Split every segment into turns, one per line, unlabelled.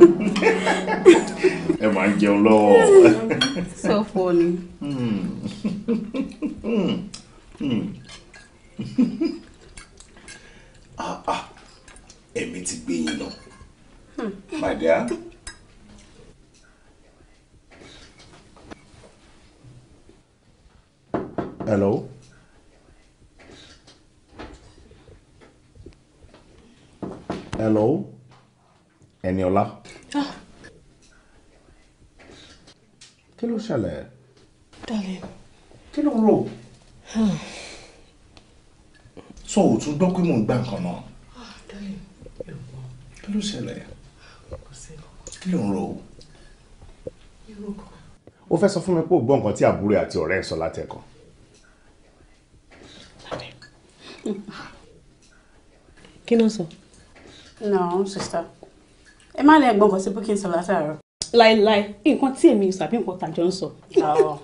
ẹ máa ń jẹun so funny. ṣẹlẹ̀. darling.
kí ló ń rò. Hmm. sọ ò tún gbọ́ pé mò ń gbà nǹkan náà. Ah, darling ẹ̀wọ̀n. kí ló ṣẹlẹ̀. kí ló ń rò. o fẹ́ sọ fún mi pé o gbọ́ nǹkan tí àbúrò àti ọ̀rẹ́ ẹ̀ sọ látẹ̀kọ̀.
kí ló sọ. no sister ẹ má lè gbọ́n bọ̀ sí booking sọ látàárọ̀ láéláé nǹkan tí èmi sàbí nǹkan tàjọ ń sọ.
Ah.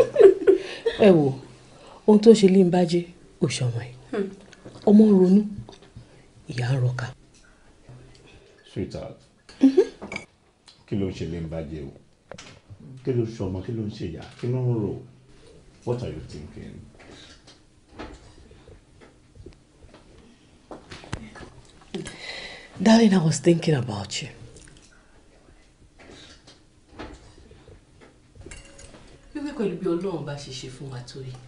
ẹ wo ohun tó ṣe lè hmm. ń bájé kò ṣọmọ ẹ ọmọ ronú ìyá ń rọka. sweetheart mhm. kí ló ń ṣe lè ń bájé o kí ló ń ṣọmọ kí ló ń ṣe ìyá kí ló ń rò what are you thinking.
Darling, I was thinking about you.
wípé pẹ̀lú bí ọlọ́run bá ṣe ṣe fún wa tó yìí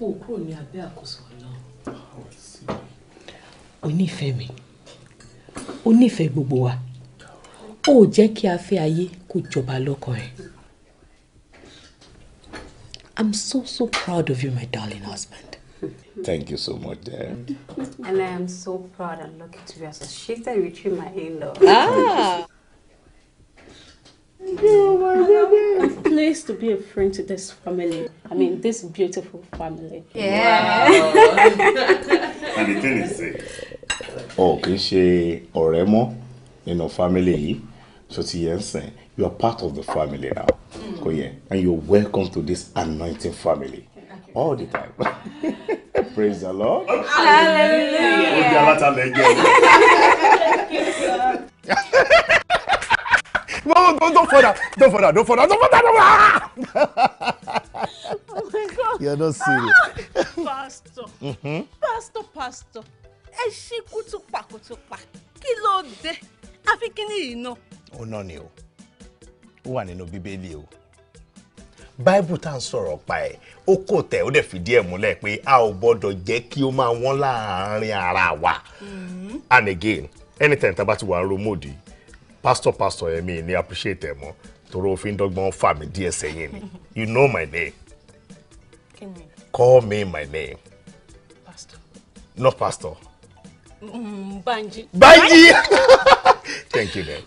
ó kúrò ní abẹ́ àkóso ọlọ́run. onífẹ̀ẹ́ mi onífẹ̀ẹ́ gbogbo wa ó jẹ́ kí afẹ́ ayé kó jọba lọ́kàn ẹ̀. I'm so so proud of you my darling husband. Thank you so much, dear.
And I am so proud and lucky to be associated with you, my in-law. Ah! Oh to be a friend to this family. I mean, this beautiful family.
Yeah. Wow. and the thing is,
oh, kì í ṣe ọ̀rẹ́ mọ́ family so ti yẹn you are part of the family now mm. kò yẹ and you're welcome to this anointing family all the time praise the lord
hallelujah.
no, don't, don't further. Don't further. Don't further. Don't further. Don't further. Ah!
oh my God. You're not serious. Ah! pastor. Mm-hmm. Pastor, pastor. Ẹ ṣí kútùpà kútùpà. Kí ló dé? Àfi kíní yìí náà.
Ó náà ni o. Ó wà nínú Bíbélì o. Báíbù tá à ń sọ̀rọ̀ pa ẹ̀, ó kò tẹ̀ ó dẹ̀ fìdí ẹ̀ múlẹ̀ pé a ò gbọ́dọ̀ jẹ́ kí ó máa wọ́n láàárín ara wa. Mm-hmm. And again, anytime tá a bá ti wà ń ro mòdì, pastor pastor yẹn oh. mi ni appreciate ẹ mọ́ torí òfin dọ́gbọ́n fà mí díẹ̀ sẹ́yìn ni you know my name call me my name pastor. not pastor.
Mm-hmm, Banji. Banji.
thank you then.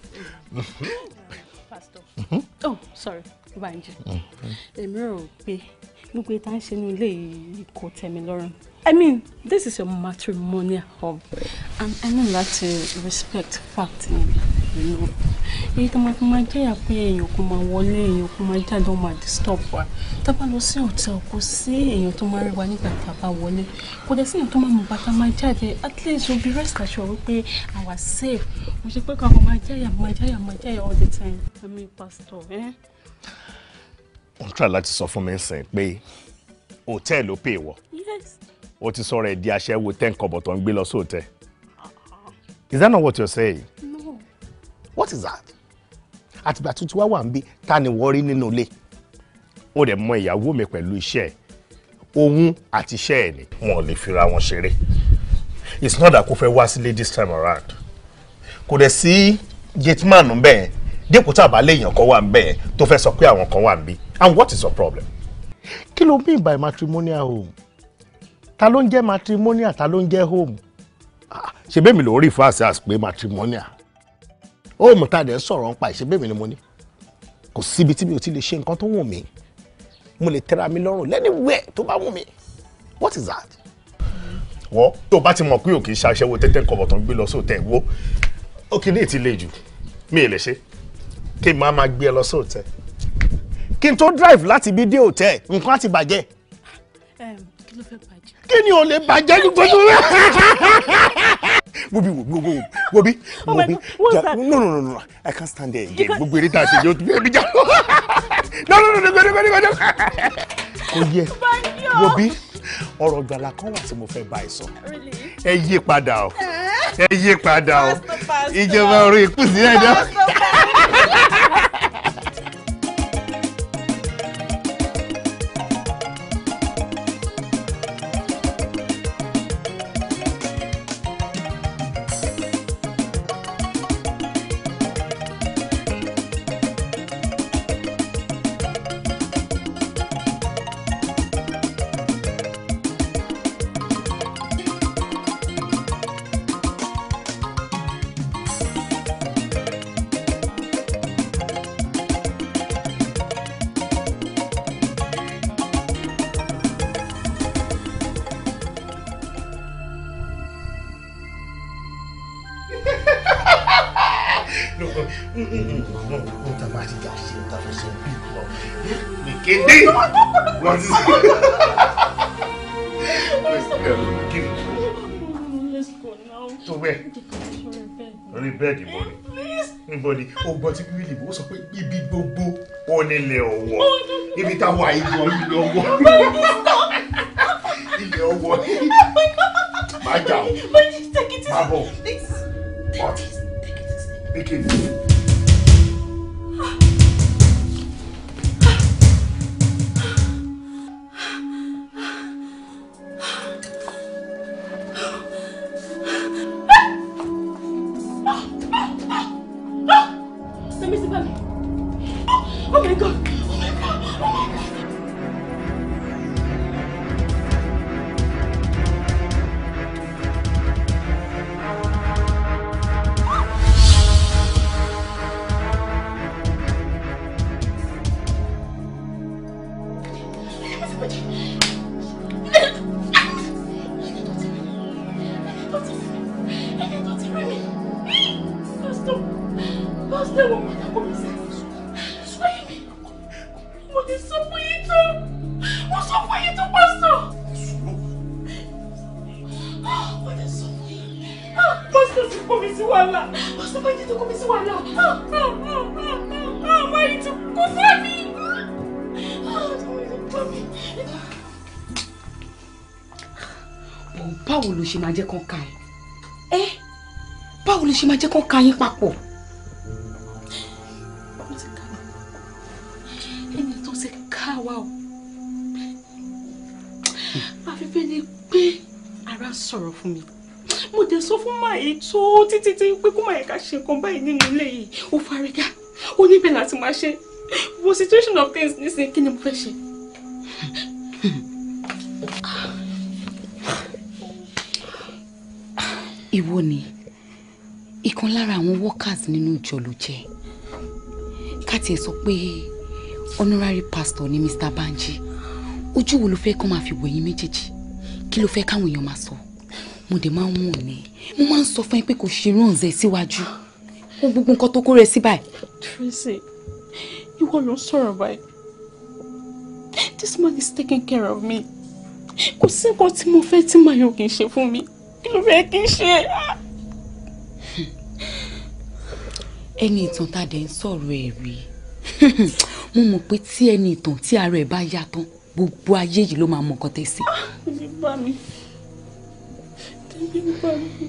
pastor. Mm-hmm. oh sorry Banji. Mm-hmm. èmi rò pé gbogbo ìta ṣe ní ilé yìí kò mi lọ́rùn. I mean, this is a matrimonial home, And I need láti respect fact You know. Èyí tó my fi máa jẹ́ ìyàpé èèyàn kò máa wọlé èèyàn kò máa jáde ó máa disturb wa. Tá a bá lọ sí hotel kò sí èèyàn tó máa rí wa nígbà tá a bá wọlé. Kò dẹ̀ sí èèyàn tó máa at least we'll be rest assured pay I was safe. We should pé kankan my jáyà my jáyà my jáyà all the time. I mean pastor. eh?
Wọ́n try láti sọ fún mi sẹ́yìn pé hòtẹ́ẹ̀lì ló pè wọ. Yes o ti sọ̀rọ̀ ẹ̀ di aṣẹ́wó ten kọ̀bọ̀ tó ń gbé lọ sóòtẹ́. Is that not what you're saying? No. What is that? àtìgbà tó ti wá wà ń bí ta ni wọ́n rí nínú ilé ó dẹ̀ mọ ìyàwó mi pẹ̀lú iṣẹ́ ẹ̀ òun àti iṣẹ́ ẹ̀ ni. wọn ò lè fira wọn ṣeré it's not that kò fẹ́ wá sílé this time around kò dẹ̀ sí man ń bẹ̀ dípò tá a bá léèyàn kan wà ń bẹ̀ tó fẹ́ sọ pé àwọn kan wà ń bí and what is your problem? kí ló mean by matrimonial home? ta ló ń jẹ́ matrimonial ta ló ń jẹ́ home ah, ṣe bẹ́ẹ̀ mi ló rí fáṣí àṣì pé matrimonial home tá a dẹ̀ sọ̀rọ̀ ń pa ìṣe bẹ́ẹ̀ mi ni mo ní kò síbi tí mi ò ti lè ṣe nǹkan tó wù mí mo lè tẹ́ra mi lọ́rùn lẹ́niwẹ̀ tó bá wù mí what is that. wọ́n tó bá ti mọ̀ pé òkè ṣàṣẹ́wó tẹ́tẹ́ kọ̀bọ̀ tó ń gbé lọ sóòtẹ́ wo ó kì í ní ìtìlẹ̀ jù mi ì lè ṣe kí n máa máa gbé ẹ lọ sóòtẹ́ kí n tó drive láti bí dé òtẹ́ nǹkan á ti bàjẹ́. kí ló fẹ́ pa kí ni o lè bàjẹ́ ní gbogbo rẹ̀. wobi wobi oh wobi wobi wobi no no no no i can't stand there again gbogbo eré tá a ṣe yóò tún ẹbí jà no no no no gbẹdẹ gbẹdẹ gbẹdẹ. kò yẹ wobi ọ̀rọ̀ gbala kan wà tí mo fẹ́ bá ẹ sọ ẹ yí padà o eh? ẹ yí padà o ìjọba orí ìkùsí ẹ̀dá. gbọ́ tí bíbélì bó sọ pé ibi gbogbo onílẹ̀ ọ̀wọ̀ ibi táwọn àìjọ ń lọ́wọ́. báyìí nínú ilé yìí ó fárígá ó níbẹ̀ láti máa ṣe wo situation of things nísìnyí kí ni mo fẹ́ ṣe.
ìwọ ni ìkan lára àwọn workers nínú ìjọ jẹ
ká tiẹ̀ sọ pé honorary pastor ni Mr. Banji ojú wo ló fẹ́ kó máa fi wẹ̀yìn méjèèjì kí ló fẹ́ káwọn èèyàn máa sọ mo dẹ̀ máa ń wọ̀n ni mo máa ń sọ fún ẹ pé kò ṣe ránṣẹ́ síwájú. Si fún gbogbo nǹkan tó kórè sí báyìí.
Tracy ìwọ ló ń sọ̀rọ̀ báyìí this man is taking care of me kò sí nǹkan tí mo fẹ́ tí màá yàn kì í ṣe fún mi kí ló fẹ́ kí n ṣe. ẹni ìtàn tá a
dẹ̀ ń sọ̀rọ̀ ẹ̀ rí mo mọ̀ pé tí ẹni ìtàn tí ara ẹ̀ bá yá tán gbogbo ayé yìí ló máa mọ nǹkan tẹ̀ sí.
ẹbí ah, bá mi ẹbí
bá mi ẹ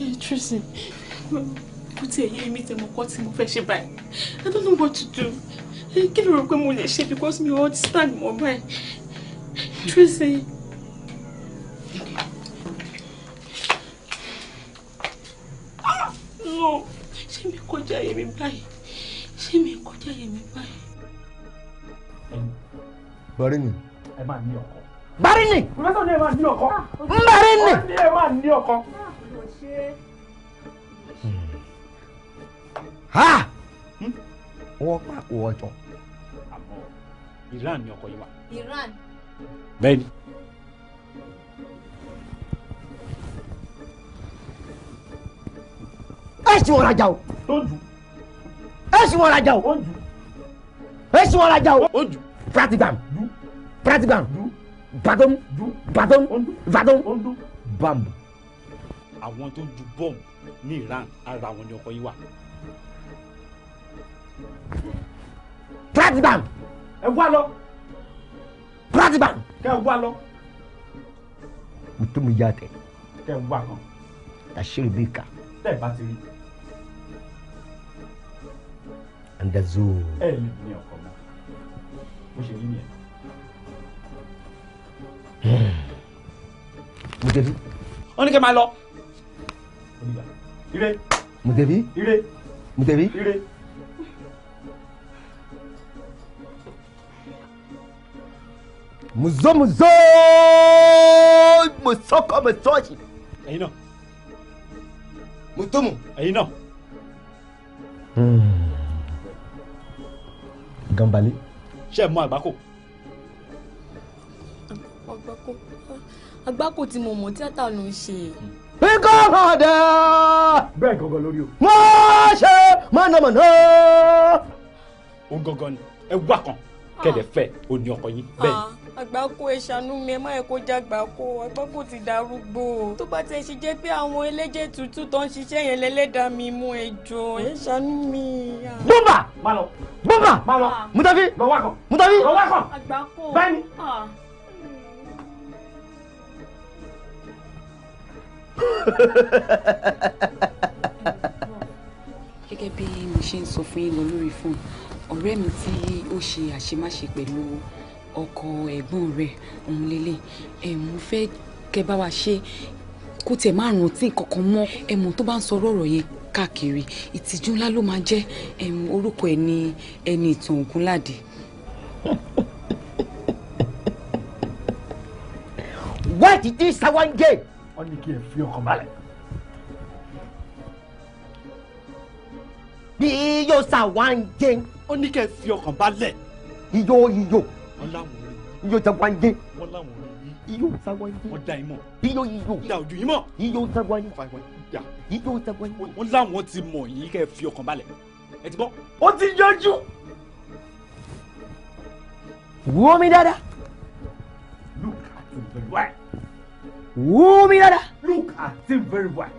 eh, Tracy kó tiẹ̀ yé mi tẹ̀ mọ́ mo fẹ́ ṣe báyìí I don't know what to do kí ló rò pé mo lè ṣe because mi all stand mọ́ báyìí Tracy.
ah no ṣé mi kọjá yé mi báyìí ṣé mi kọjá yé mi báyìí. bọ́rí ni. ẹ máa ní ọkọ. bari ni. pírọfẹ́sọ̀ ni ẹ máa ní ọkọ. n bari ni. ó ní ẹ
máa
ha
ọwọ́ pa àpò ọjọ́. àmọ́ Iran ni ọkọ yìí wà.
Iran.
bẹ́ẹ̀ni.
ẹ sì rajà o. tó jù. rajà o. ó jù. rajà o. pratigam. pratigam. jù. badom. jù. badom.
àwọn tó ju bọ́ọ̀mù ní Iran ara wọn ni ọkọ yìí wà
crack
down. ẹ wá lọ. crack down. kẹ ẹ wá lọ.
mutumu ya tẹ. kẹ ẹ wá lọ. tàṣírí bí kà.
tẹ ẹ bá ti rí.
ẹ
ní ní ọkọ mọ bó ṣe rí nìyẹn.
Hmm. Mudebi. Ó ní kí n máa
lọ.
Ire. Mudebi. Ire. Mudebi. Ire.
Muzo muzo mu zo mu sọkọ mu sọọsi. ẹyin náà. mu tó mu. ẹyin náà.
gambale.
mo mọ tíátà ló ń ṣe.
Píkọ́ padà. Bẹ́ẹ̀ gangan lórí o. Mo ṣe mọ̀nàmọ̀nà. O gangan ni ẹ wá kan
kẹ̀lẹ́ ah. fẹ́ o ní ọkọ yín ah. bẹ́ẹ̀
àgbákò ẹ ṣàánú mi ẹ má yẹ kó já àgbákò àgbákò ti darúgbó tó bá tẹ̀ ṣe jẹ́ pé àwọn ẹlẹ́jẹ̀ tútù tó ń ṣiṣẹ́ yẹn lẹ́lẹ́dàá mi mú ẹ jọ ẹ mi. bùnbà
má lọ bùnbà má lọ mutafi lọ́wọ́kọ̀ mutafi lọ́wọ́kọ̀
àgbákò bẹ́ẹ̀ni. Ah. gẹ́gẹ́ bí mo ṣe ń sọ fún yín lọ lórí fóònù ọ̀rẹ́ mi tí ó ṣe àṣemáṣe pẹ̀lú ọkọ ẹ̀gbọ́n rẹ̀ òun lélẹ̀ ẹ mo fẹ́ kẹ́ bá wa ṣe kó tiẹ̀ má rántí kankan mọ́ ẹ mọ̀ tó bá ń sọ ọ̀rọ̀ yẹn káàkiri ìtìjú ńlá ló máa jẹ́ orúkọ ẹ̀ ẹni ìtàn Ògúnládé.
wáàtí tí sáwáńgé wọn ní kí ẹ fi ọkàn balẹ̀. bí yóò sáwáńgé. ó ní kí ẹ fi ọkàn balẹ̀. iyó iyó wọn láwọn rí i. iyọ̀ jagwanje. wọn láwọn rí i. iyọ̀ jagwanje. wọn da ìmọ̀. iyọ̀ iyọ̀. da ojú yìí mọ̀. iyọ̀ jagwanje. iyọ̀ jagwanje. wọn láwọn ti mọ̀ yìí kẹ́ fi ọkàn balẹ̀ ẹ ti gbọ́. ó ti yanjú. wò mí dáadáa. look at him very well. wò mí dáadáa. look at him very well.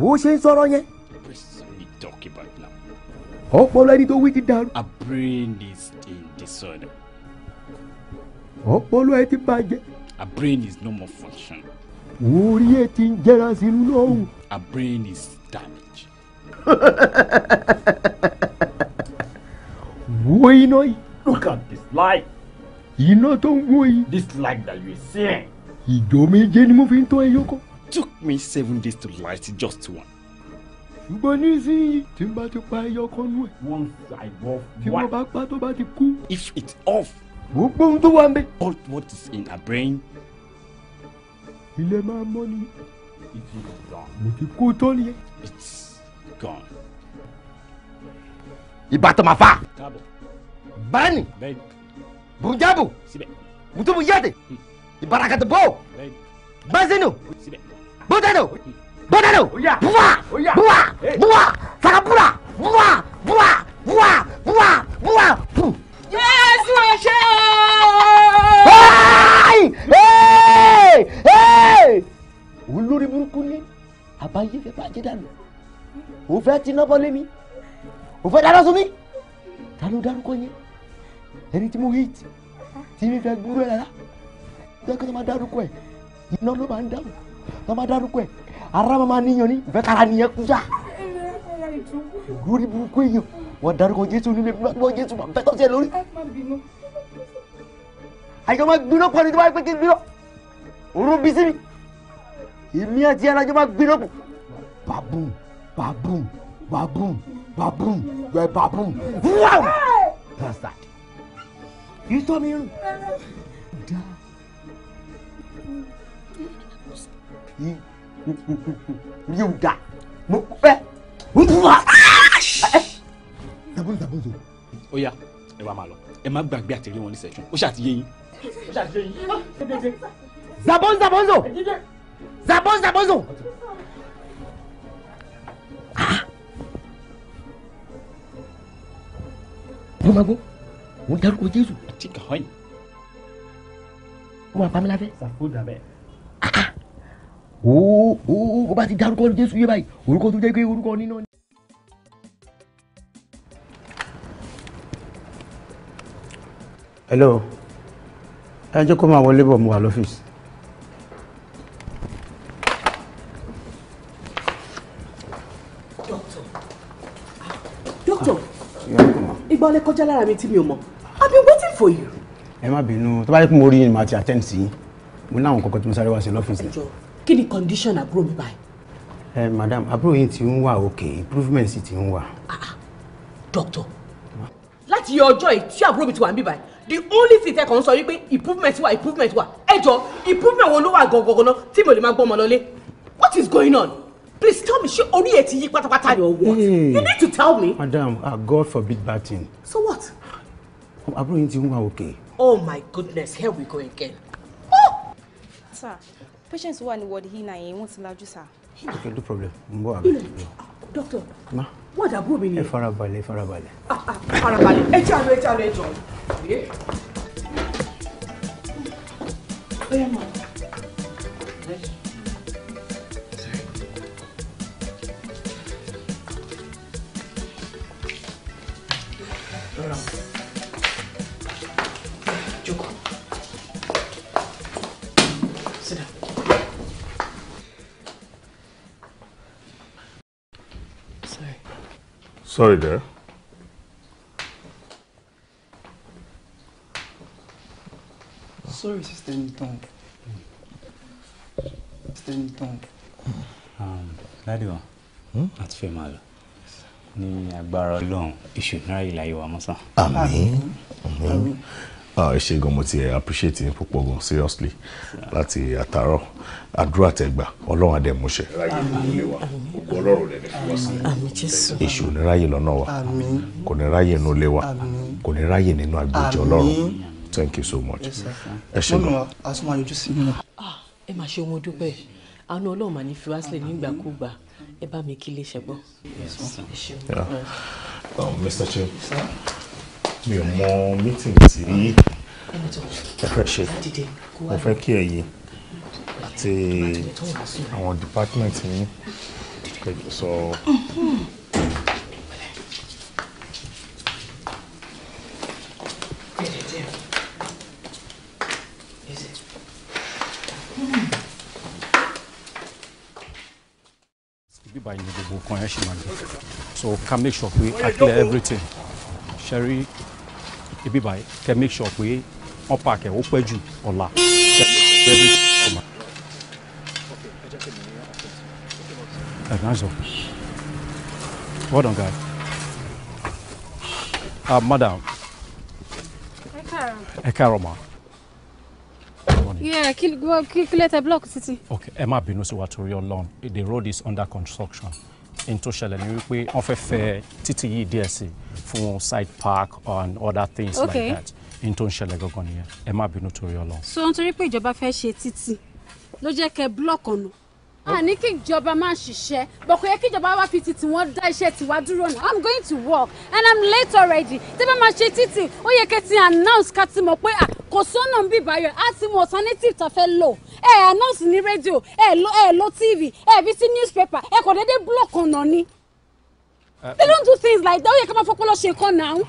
bó ṣe ń sọ̀rọ̀ yẹn.
please be talking about
ọpọlọ ẹni tó wí ti dàrú. a brain
is in disorder. ọpọlọ ẹ ti bàjẹ́. a brain is no
more function.
orí ẹ ti ń jẹra sínú lọ́hùn. a
brain is damaged.
wo iná yìí. look at this light. iná tó ń wo yìí. this light that you see. ìjọ méje ni mo fi ń tọ́ ẹ yọkọ. took me seven days to light just one ṣùgbọ́n nísìnyí tí n bá ti pa ẹyọ kan nú ẹ̀. tí mo bá pa tó bá ti kú. if it's off. gbogbo ohun tó wà ń bẹ. all what is in her brain. ilé máa mọ́ ni.
it is gone. mo ti kú tán nìyẹn. it's gone. ìbátan máa fa. káàbọ̀.
báyìí. bẹ́ẹ̀ni. burújábù. síbẹ̀. mutubu yẹ́tẹ̀. Hmm. ìbárakàtà bẹ́ẹ̀ni. bẹ́ẹ̀ni. síbẹ̀. bọ́tẹ́nu. Hmm bọ́dọ̀dọ̀ buwa bua, bua,
eh! fara buwa bua, bua, bua, bua, buwa bu. Jésù ṣe o.
olórí burúkú ni àbáyé fẹ́ bàjẹ́ dànù òun fẹ́ ti nọ́bọ̀ lé mi òun fẹ́ dáná sun mi ta ló dárúkọ yẹn ẹni tí mo hit tí mi fẹ́ gbúrú ẹ̀ rárá jẹ́ kí wọ́n máa dárúkọ ẹ̀ iná ló máa ń dárúkọ ẹ̀ ara mama níyan ni ìfẹ́ kára níyan kú yá lórí burúkú èèyàn wọ́n dárúkọ jésù nílé gbọ́ jésù máa bẹ́tọ̀ sí ẹ lórí.
àyíká máa gbiná pọ̀ ní tí wọ́n á pé kí n gbiná
òórùn bí sí mi èmi àti ẹran àjọ máa gbiná pọ̀ babum babum babum babum gbẹ babum wow bastard yìí tọ́ mi rùn
dáa mi ò dà mo
ẹ wúwa. dàbọ̀n dàbọ̀n zo. ó yá ẹ wá máa
lọ ẹ má gbàgbé àtẹ̀lé wọn ní sẹ́jú ó ṣàtìyé yín.
ó ṣàtìyé yín. Ah,
zabon zabonzo.
zabon zabonzo. zo. Ah.
mo máa gbọ́ mo ń dárúkọ jésù. àti kàwáyé. mo máa pa mi láfẹ́. sàfó dàbẹ́. Ah,
ooo bá ti dárúkọ Jésù yé báyìí orúkọ tó jẹ́ pé orúkọ níná hello ẹ jẹ́ kó máa wọlé bọ̀ mo wà lọ́fíìsì. doctor doctor ìgbà ọlẹ́ kọjá lára mi tí mi ò mọ̀ I've been waiting for you. ẹ má bínú tó bá yẹ kó mo rí ni màá ti attend sí i mo láwọn kọ̀ọ̀kan tí mo sáré wá sí lọ́fíìsì. ẹ kí ni condition àbúrò mi báyìí. ẹ madam àbúrò yìí ti ń wà òkè improvement sì ti ń wà. Ah, ah, doctor láti ọjọ́ yìí tí àbúrò mi ti wà níbí báyìí the only thing tẹ́kọ̀ ń sọ wípé improvement wà improvement wà ẹ jọ improvement wo ló wà gangan tí mo lè máa gbọ́ ọmọ lọlé what is going on please tell me ṣé orí ẹ ti yí pátápátá ni or what you need to tell me. madam ah god forbid bad thing. so what. àbúrò yìí ti ń wà òkè. oh my goodness here we go
again. Oh! sir patients wà ní ward hina yẹn eh, wọ́n ti lajú sá.
okay no problem n bọ abẹ. doctor ma wọ́n dàbú mi ni. ẹ farabalẹ̀ ẹ farabalẹ̀. Ah,
ah, farabalẹ̀ ẹ jẹ́ àlọ́ ẹ jẹ́ àlọ́ ẹ jọ.
ọyọ
Sorry, there.
Sorry, Sister Niton.
Sister Niton.
Um, Ladiwa, a hmm? ti fẹ́ máa lọ. Ní agbára Ọlọ́run, ìṣùnà ìlàyé wa mọ́sán.
Àmín. Àmín ẹ ṣe gan mo ti appreciate yín púpọ̀ gan seriously láti àtàárọ̀ àdúrà tẹ̀gbà ọlọ́run àdẹ̀múṣẹ ráyè ìdílé wa gbogbo ọlọ́run rẹ̀ èṣù ò ní ráyè lọ́nà wa kò ní ráyè nínú ilé wa kò ní ráyè nínú agbèjì ọlọ́run thank you so much ẹ ṣe gan. Ah, ẹ máa ṣe ohun dúpẹ́ àánú ọlọ́run mà ní fi wá nígbàkúgbà ẹ bá mi kí ṣẹ́gbọ́. mr chief mi ò mọ meeting tí ẹ mo fẹ́ kí ẹ̀yin àti àwọn department yín kẹjọ sọ.
báyìí ni gbogbo nǹkan ṣe máa ń lọ so can make sure pé i clear everything Sherry ibi báyìí kẹ́ make sure pé wọ́n park ẹ̀ ó pẹ́ jù ọ̀la. Ẹ̀dánsọ̀, well done guy. Uh, ah, madam. Ẹ káàárọ̀. Ẹ káàárọ̀ ma.
Yeah, kí lẹ́tà block títí.
Okay, ẹ má bínú sí wa torí Ọlọ́run. The road is under construction. In tó ṣẹlẹ̀ ni wípé wọ́n fẹ́ fẹ́ títì yìí díẹ̀ sí side park and other things okay. like that In tó ń ṣẹlẹ̀ gangan nìyẹn ẹ má bínú torí Ọlọ́run.
so nítorí pé ìjọba fẹ́ ṣe títì ló jẹ́ kẹ́ búlọ̀kì ọ̀nà àní kí ìjọba máa ṣiṣẹ́ but kò yẹ kí ìjọba wá fi títí wọn dá iṣẹ́ tiwa dúró náà i'm going to work and i'm late already tí bá máa ṣe títì ó yẹ kí ti announce ká ti mọ̀ pé kò sọ́nà ń bí ìbáyọ̀ á ti mọ alternative tó fẹ́ lò ẹ announce ní rédíò ẹ lo ẹ lo tv ẹ fi sí newspaper ẹ kò déédéé block ọ̀nà ni
uh,
they don't do things like that ó yẹ ká máa fọpọlọ ṣe nǹkan náà. Oh,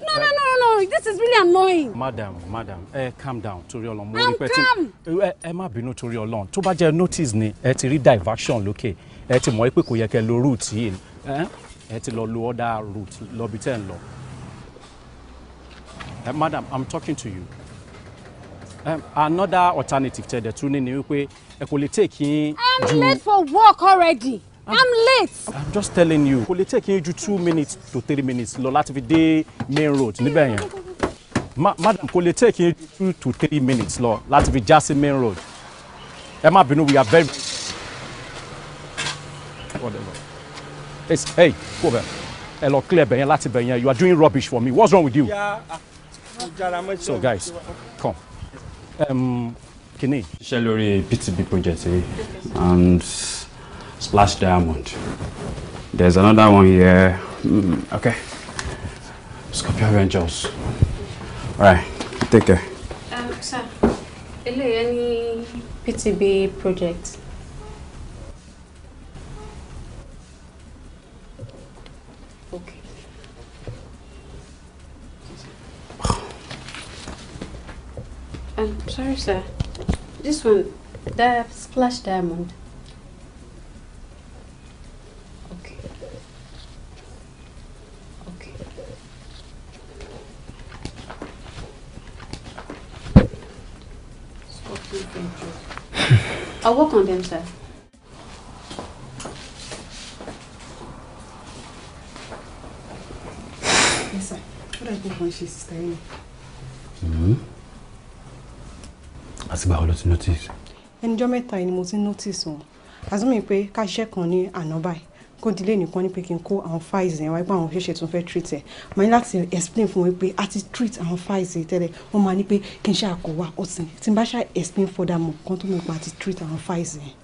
No, uh, no, no, no, no. This is really annoying.
Madam, madam, eh, calm down, torí Ọlọ́run. Mo rí calm. Emma ẹ má bínú torí Ọlọ́run. Tó bá notice ni, ẹ ti rí diversion lókè. Ẹ ti mọ̀ pé kò lo route yìí. Ẹ ti lọ lo other route Lo biten lo. lọ. Madam, I'm talking to you. Um, another alternative tẹ̀ dẹ̀ tún ni ukwe ẹ kò take yín I'm late
for work already. I'm, late. I'm
just telling you. Kò lè take yín ju two minutes to three minutes lọ láti fi dé main road níbẹ̀ yẹn. madam kò lè take yín ju two to three minutes lọ láti fi já sí main road. Ẹ má bínú we are very. Hey, hey, go there. Ẹ lọ clear bẹ̀yẹn láti bẹ̀yẹn. You are doing rubbish for me. What's wrong with you? So guys, come. Um, Kini. Ṣé lórí PTB project yìí and. Splash Diamond. There's another one here. Mm, okay. Scorpio Angels.
Alright, take care. Um, sir,
there any PTB project? Okay. I'm um, sorry, sir. This one, the splash diamond. I'll walk on them, sir. Yes, sir. What are you going to sister?
Hmm. Àti báwo lo ti notice.
Ẹnijọ́ mẹ́ta yìí ni mo ti notice wọn. Azumi pé ká ṣiṣẹ́ kan ní àná báyìí kó dílé nìkan ní pé kí n kó àwọn files yẹn wá pé àwọn ṣẹ̀ṣẹ̀ tún fẹ́ treat ẹ̀ mà ní láti explain fún wọn pé a ti treat àwọn files yìí tẹ́lẹ̀ wọ́n máa ní pé kí n ṣe àkọ́wà ọ̀sìn tí n bá ṣe explain further mọ̀ kan tó mọ̀ pé a ti treat àwọn files yẹn.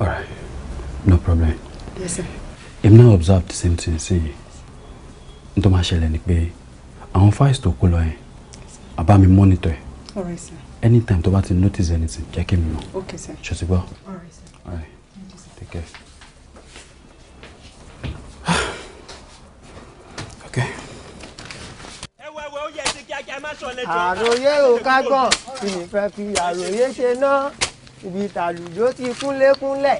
all right no problem. yes sir.
im now observe the same thing sí i n tó máa ṣẹlẹ̀ ni pé àwọn files tó kó lọ yẹn àbá mi monitor ẹ̀. all right sir. anytime tó bá ti notice anything jẹ́ kí n mọ̀. okay sir. ṣòṣìgbọ́. all right sir. All right. Take care.
okay.
àròyé ò kágàn ìfẹ́ fi àròyé ṣe ná ibi tàlùjó ti kúnlékúnlẹ̀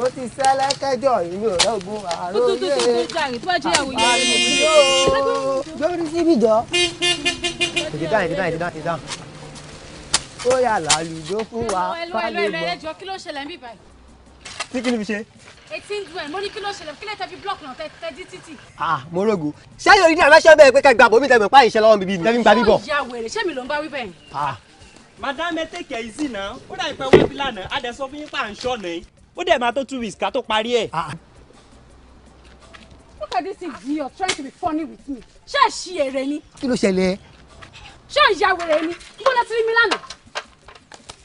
ó ti sẹ́lẹ̀ kẹjọ ìlú ògùn àròyé
àròyé
ó lórí síbi jọ. ìdí dáhùn ìdí dáhùn ìdí dáhùn ó yà lálùjọ fún wa fálẹ̀ mọ́.
ẹjọ kí ló ń ṣẹlẹ̀ ń bì báyìí. tí kí ni fi ṣe. etí ń dùn ẹ̀ mo ní kí ló ṣẹlẹ̀ kí lè tẹbi blọọkì náà tẹjí títì.
ah mo rogo sẹ́yìn orí ní àmẹ́sẹ́ bẹ́ẹ̀ pé ká gba bòmí tẹ̀mẹ̀ páyì iṣẹ́ lọ́wọ́ bíbí tẹ́bí ń gba bíbọ̀.
ìyá wèrè ṣé mi ló ń bá wí bẹ́ẹ̀.
madame tẹ̀kẹ̀ yìí sì náà ó dà ìpẹ́ wá bí lánàá a dẹ̀ sọ fún yín pa à ń ṣọ́ ni ó dẹ̀ máa tó two weeks ká tó parí ẹ̀.
look at this idiot trying to be funny with me ṣé ẹ̀ ṣí èrè ni. kí ló ṣẹlẹ̀. ṣé ìyá wèrè ni gbọ́dọ̀ ti mi lánàá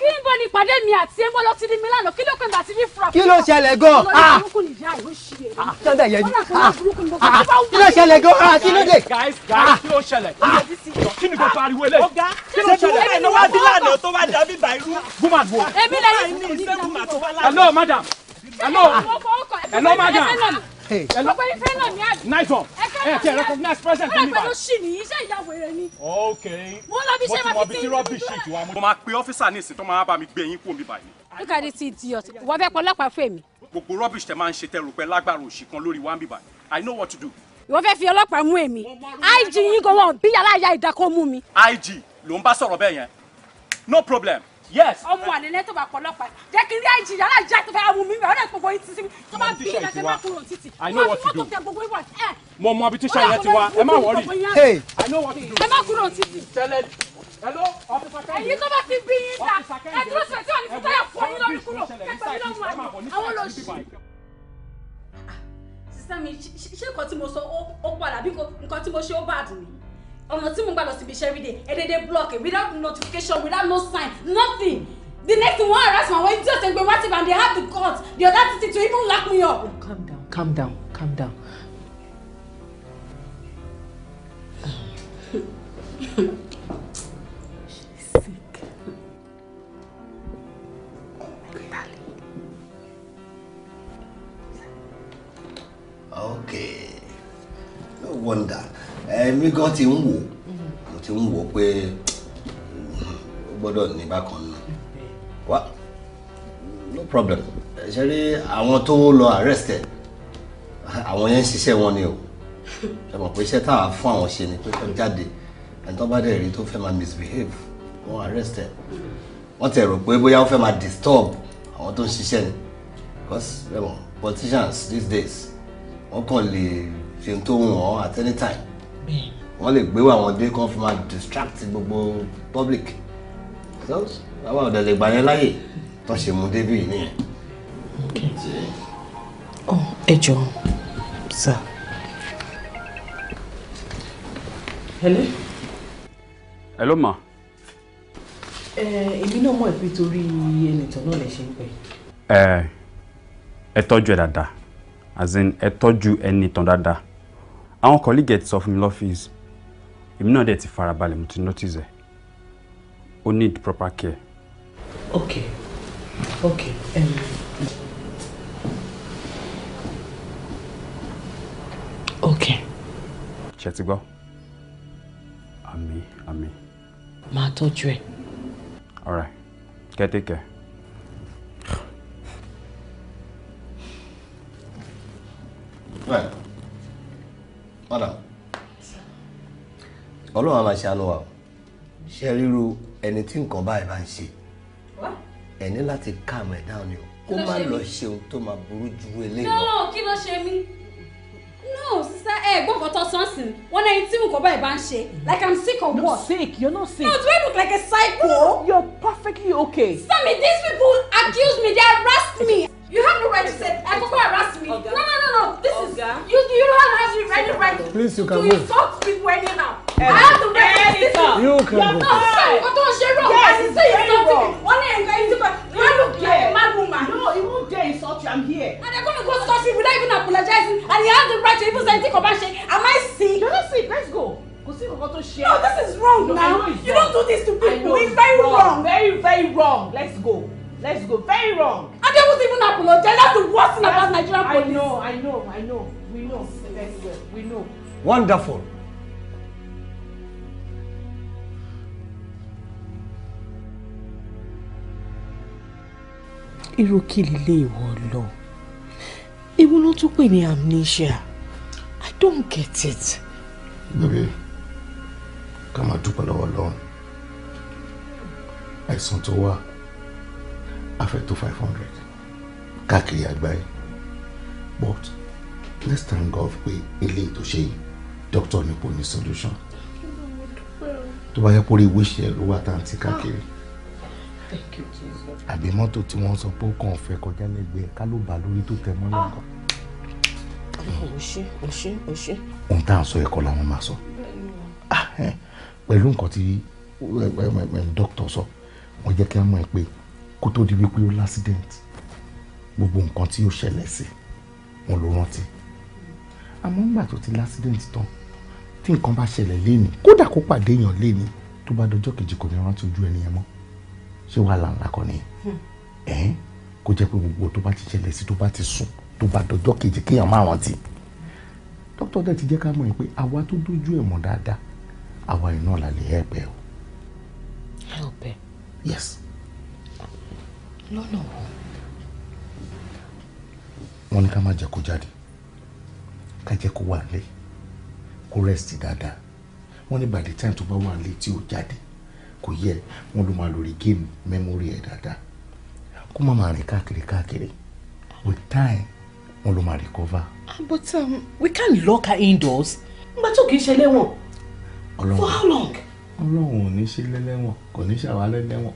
kí n bọ́ ni ìpàdé mi àti ẹ̀mọ́ lọ ti di mi kí ló pè bàtí ní fura. kí ló ṣẹlẹ̀ gan. sọ́dọ̀ yẹn ah! ni ah! ah! kí ló
ṣẹlẹ̀
gan kí ló dé. guys guys kí ló ṣẹlẹ̀ kí ni kò pariwo eléyìí. ọ̀gá kí ló ṣẹlẹ̀ ẹ̀ lọ́wọ́ bí lánàá tó bá
dàbí bàírú. woman wo. èmi lẹ́yìn kò ní ìdáná. hello madam
hello hello madam ọgbẹ́ ife náà ní àdé. nice one ẹ ti
recognize present mi níbà. pẹ̀lú
ṣì iṣẹ́ ìyàwó rẹ ni.
ok mo lọ bí iṣẹ́ máa fi tẹ́lẹ̀
níbi
báyìí. mo máa pe ọ́fíìsà ní ìsìn tó máa bá mi gbé yín kúrò mi báyìí.
look at this idiot wọ́n fẹ́ pọ̀ ọlọ́pàá fún èmi.
gbogbo rubbish tẹ máa ń ṣe tẹrù pẹ lágbára òṣì kan lórí wa ń bíbà i know what to do.
ìwọ fẹ́ fi ọlọ́pàá mú èmi ig yín gan wọn bí yàrá ìyá ìdákọ́ mú mi.
ig ló ń bá sọ̀rọ̀ bẹ́ẹ̀ yẹn no problem
yes ọmọ àlè lẹ́tọ̀ bá pọ̀lọ́pàá jẹ́ kí n rí àìjì yàrá ìjà tó fẹ́ amú mi rẹ̀ ọ̀rẹ́ gbogbo yìí ti sí mi tó bá bí ilẹ̀ tẹ́ bá kúrò títì mo fi mọ́tò tẹ gbogbo ìwà ẹ̀.
mo mọ ibi tíṣà yẹn ti wá ẹ má wọrí ẹ má kúrò títì.
ẹ̀yin tó bá ti bí yín ta ẹ dúró sílẹ̀ tí wọ́n ní fi táyà fún yín lórí
kúrò ẹgbẹ́ ah, mi lọ́mọ àwọn olóṣì.
sísá mi ṣé nǹkan tí mo sọ ó padà bí nǹkan tí mo ṣe ó bàdùn ni ọ̀nà tí mo gbà lọ síbi iṣẹ́ every day ẹ dédé block without notification without no sign nothing the next thing one harass my wife just gbé wá and they had the guts the audacity to even lock me up. Oh, calm
down calm down calm down. She's sick.
Mentally. Okay. No wonder èmi gan ti ń wò mo ti ń wò pé ó gbọ́dọ̀ ní bákan náà wá no problem ṣe rí àwọn tó lọ arrest ẹ àwọn yẹn ń ṣiṣẹ́ wọn ni o ẹ mọ̀ pé iṣẹ́ tá a fún àwọn ṣe ni pé kọ́ jáde ẹni tó bá dẹ̀ rí tó fẹ́ máa misbehave wọ́n arrest ẹ̀ wọ́n tẹ̀ rò pé bóyá ó fẹ́ máa disturb àwọn tó ń ṣiṣẹ́ ni because ẹ mọ̀ politicians these days wọ́n kàn lè ṣe tó wù wọ́n at any time wọ́n lè gbé àwọn dé kó fi máa distract gbogbo public so àwọn ọ̀dọ̀ lè gbà yẹn láàyè tó ṣe mú débì nìyẹn.
Oh, ẹ jọ sir.
hello.
hello ma.
Eh, èmi náà mọ̀ pé torí ẹnìtàn náà lè ṣe ń pẹ́.
Eh, ẹ tọ́jú ẹ dáadáa as in ẹ tọ́jú ẹnìtàn dáadáa àwọn colleague ẹ̀ ti sọ fún mi lọ́fíìsì èmi náà dẹ̀ ti farabalẹ̀ mo ti notice ẹ̀
ó need proper care.
ok ok um...
ok. ṣe ti gbọ́
àmín àmín. máa tọ́jú ẹ̀. all right get take care.
Right madam ọlọ́run a máa ṣàánú wa ṣe ríru ẹni tí nǹkan báyìí bá ń ṣe ẹni láti calm ẹ̀ down ni o kó má lọ ṣe ohun tó máa burú ju eléyìí lọ.
no kí ló ṣe mí no sister ẹ gbọ́n kan tó sọ́ọ̀sì wọn náà tí nǹkan báyìí bá ń ṣe like i'm sick of what. no sick you're not sick. no do I look like a psycho. No, you're perfectly okay. sami these people accuse me they arrest me. You have no right to say, I come harass me. No, no, no, no. This is, you, you don't have any right Please, you can to insult people anyhow. I have the right to this. You
can go. No, sorry,
what don't share wrong. Yes, it's very wrong. Only I'm going to go. You look like a mad woman. No, you won't dare insult you. I'm here. And they're going to go insult you without even apologizing. And you have the right to even say, think about shit. Am I sick? You're not sick. Let's go. kò sí nǹkan tó ṣe. no this is wrong no, now you don't do this to people it's
very wrong. wrong very very wrong let's go. Let's go. Very wrong. And then what's even happened? Okay, that's the worst thing about Nigerian police. I know, I know, I know. We know. Let's go. We know. Wonderful. irú kí lílé ìwọ lọ ewu ló tún pè ní amnesia I don't get it. bẹ́ẹ̀ ká máa dúpẹ́ lọ́wọ́ lọ́hùn àìsàn tó wà afẹ́ tó five hundred káàkiri àgbáyé but let's thank God pé ilé ètò ṣe yìí doctor nípò ní solution tó bá yẹ kó rí wíṣẹ́ ló wà táǹtì káàkiri àbí mọ́tò tí wọ́n sọ pé ó kàn fẹ́ kọjá lẹ́gbẹ̀ẹ́ ká ló bà lórí tó tẹ̀ mọ́lẹ̀
kan. ó ṣe ó ṣe ó ṣe.
ohun tá à ń sọ ẹ̀kọ́ làwọn máa sọ ah, pẹ̀lú nǹkan tí Doctor. sọ wọ́n jẹ́ kí á mọ̀ ẹ́ pé kó tó di wípé ó lásìdẹ̀ǹtì gbogbo nǹkan tí ó ṣẹlẹ̀ sí wọn ló rántí àmọ́ ńgbà tó ti lásìdẹ̀ǹtì tán tí nǹkan bá ṣẹlẹ̀ léni kódà kó pàdé èèyàn léni tó bá dọjọ́ kejì kò ní rántí ojú ẹni yẹn mọ́ ṣé wàá làǹlà kan ni hmm. ẹ̀ẹ́n kó jẹ́ pé gbogbo tó bá ti ṣẹlẹ̀ sí tó bá ti sùn tó bá dọjọ́ kejì kéèyàn má rántí dókítà dẹ̀ ti jẹ́ ká mọ̀ yín pé àwa tó dójú ẹ̀ mọ̀ dáadáa àwa yìí náà la lè help ẹ o.
help
ẹ. yes lọ́nà wo.
wọ́n ní ká má jẹ́ kó jáde ká jẹ́ kó wà lé kó rest dáadáa wọ́n ní by the time tó bá wà lé tí ó jáde kò yẹ wọ́n ló máa lórí game memory ẹ̀ dáadáa kó má máa rìn káàkiri káàkiri with time wọ́n ló máa recover. Ah, but um, we can't lock her indoors. nígbà tó kì í ṣe léwọ̀n. for how long ọlọ́run ò ní ṣe lẹ́lẹ́wọ̀n kò ní ṣe àwa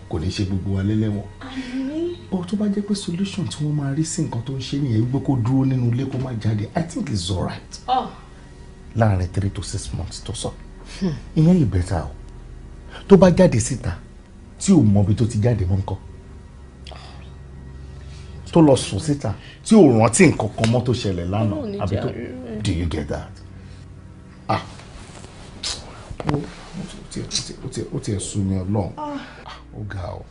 kò ní ṣe gbogbo wa lẹ́lẹ́wọ̀n. bó tó bá jẹ́ pé solution tí wọ́n máa rí sí nǹkan tó ń ṣe nìyẹn wípé kó dúró nínú ilé kó má jáde i think it's alright. Oh. láàrin three to six months tó sọ hmm. ìyẹn ìbẹ̀ta o tó bá jáde síta tí ò mọ ibi tó ti jáde mọ́ nǹkan tó lọ sùn síta tí ò rántí nǹkan kan mọ́ tó ṣẹlẹ̀ lánàá àbí tó do you get that? ah. Oh ó tiẹ̀ sún ní ọlọ́run ah. Ah, ó ga ọ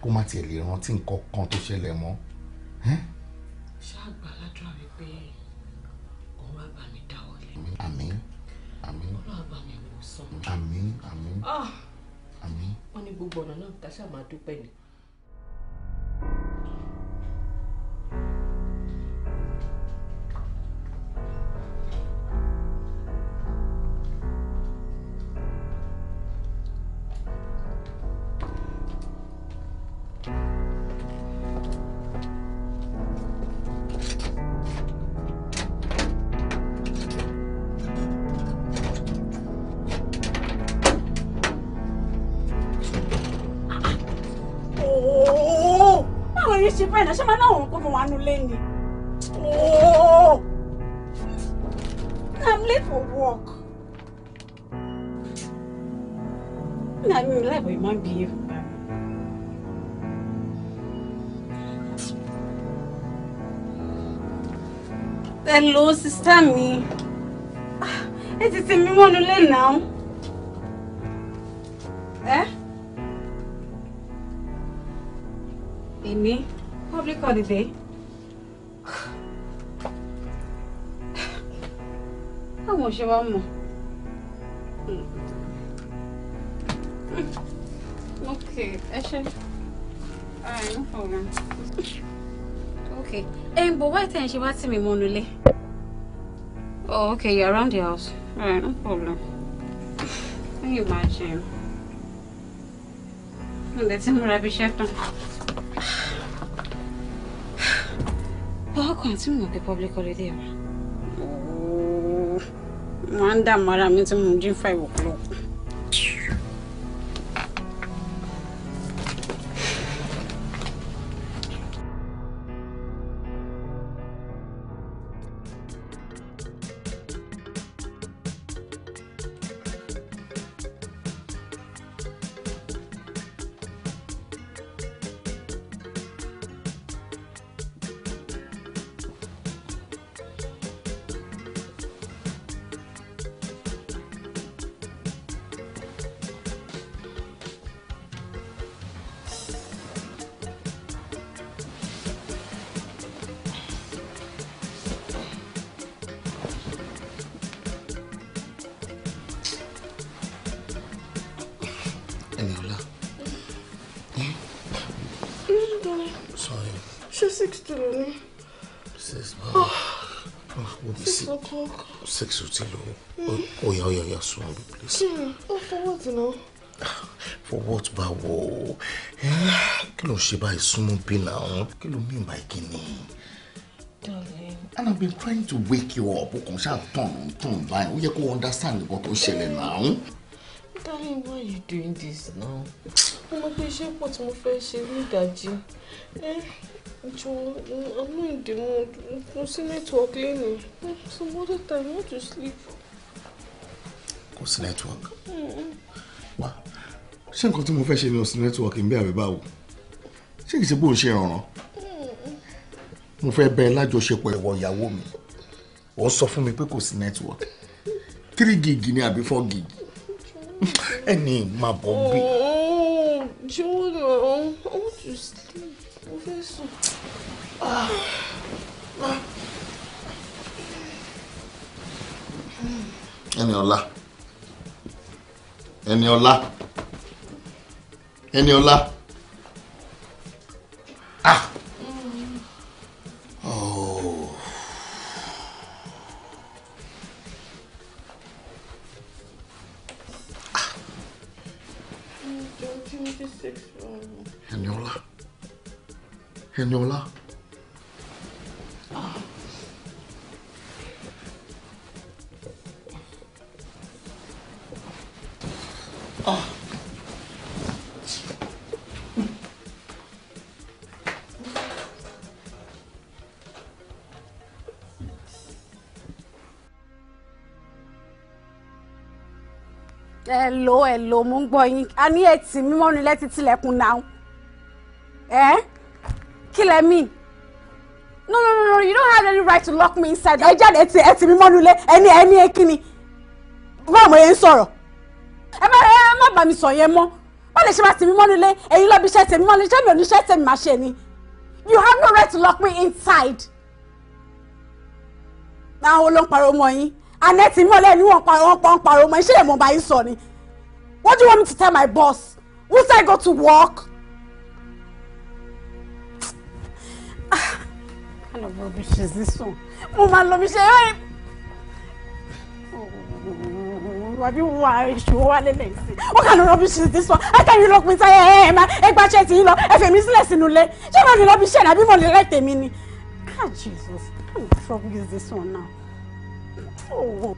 kó má tiẹ̀ lè rántí nǹkan kan tó ṣẹlẹ̀ mọ́.
ṣáàgbà ládùúrà wípé
òun á bá mi dáwọ́lé. àmín àmín ọlọ́run á bá mi ah. wọ́n ní gbogbo ọ̀nà náà tá a ṣáà máa dúpẹ́ ni.
boyfriend ẹ ṣe máa náà òun I'm late for work. Mi àmì mi láìpẹ́ máa ń Hello, sister me. Is it me? mi mọ́nu lé now. Eh? Èmi. Eh? Public holiday. How much you want more? Okay, ẹ Alright, no problem. Okay. Ẹ but why wá ìtẹ̀ want to see me mí Oh, okay, you're around the house. Alright, no problem. Can you imagine? Let's see more rubbish after. But how can you not be public holiday? Wọ́n á dààmú ara mi tí mo ń
ṣe báyìí súnmọ́ bí làwọn kí ló mean by kíni. darling and i been trying to wake you up o kàn ṣáà tàn tàn báyìí ó yẹ kó understand nǹkan tó ṣẹlẹ̀ náà.
darling why are you doing this now. mo mọ pé iṣẹ́ pọ̀ tí mo fẹ́ ṣe ní ìdajì eh, jọ̀ọ́ i'm not in the mood mo sí network lẹ́nu some other time i want to sleep.
kò sí network. wá ṣé nǹkan tí mo fẹ́ ṣe ni o sí network ń bí àbí báwo ṣé kìí ṣe bó ń ṣe rànràn mo fẹ́ bẹ lájọṣepọ̀ ìwọ ìyàwó mi ó sọ fún mi pé kò sí network three gig ni àbí four gig ẹni máa bọ̀ bí.
sleep mo fẹ́ sùn.
ẹni ọlá ẹni ọlá ẹni ọlá.
Ah. Oh. Ah.
Eniola. Eniola. Ah. Ah.
hello hello mo ń gbọ́ yín a ní ẹtì mímọ́ ni lẹ́tí tilẹ̀kùn náà ẹ́ kí lẹ no no no no you don't have any right to lock me inside ẹ jáde ẹtì ẹtì mímọ́ nu lé ẹni ẹni ẹkíni báwo mo yẹ ń sọ̀rọ̀ ẹ má ẹ má bà mí sọ yẹn mọ́ wọ́n lè ṣe máa tì mímọ́ nu lé ẹ̀yin lọ́ọ́ bí iṣẹ́ tèmi mọ́ ni ṣé mi ò ní iṣẹ́ tèmi máa ṣe ni you have no right to lock me inside. àwọn olóńparọ́ mọ́ yín anẹ́tì mọ́lẹ̀ ni wọ́n pọ̀ ń pariwo mọ́ iṣẹ́ ìmọ̀ báyìí sọ ni what do you want me to tell my boss once I go to work. kind of rubbish is this one mo máa lọ bí ṣe é wàbí wà ìṣòwò wà lélẹ̀ sí what kind of rubbish is this one I tell you lọ́pin sáyẹ ẹ ẹ ma ẹ gba ṣẹ́ẹ̀tì yín lọ ẹ fèmí sílẹ̀ sínú ilé ṣé màá mi lọ bí ṣẹ́ẹ̀ àbí mo lè rẹ́ tèmi ni God ah, Jesus what kind of is this one now. Oh.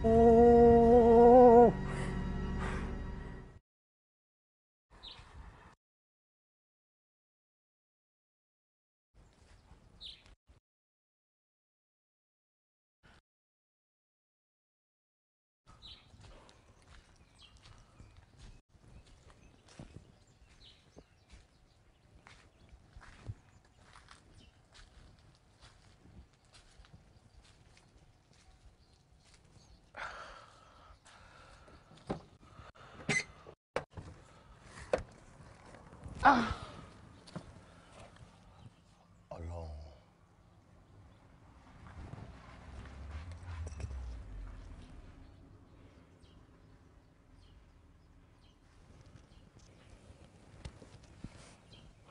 Ọlọ́run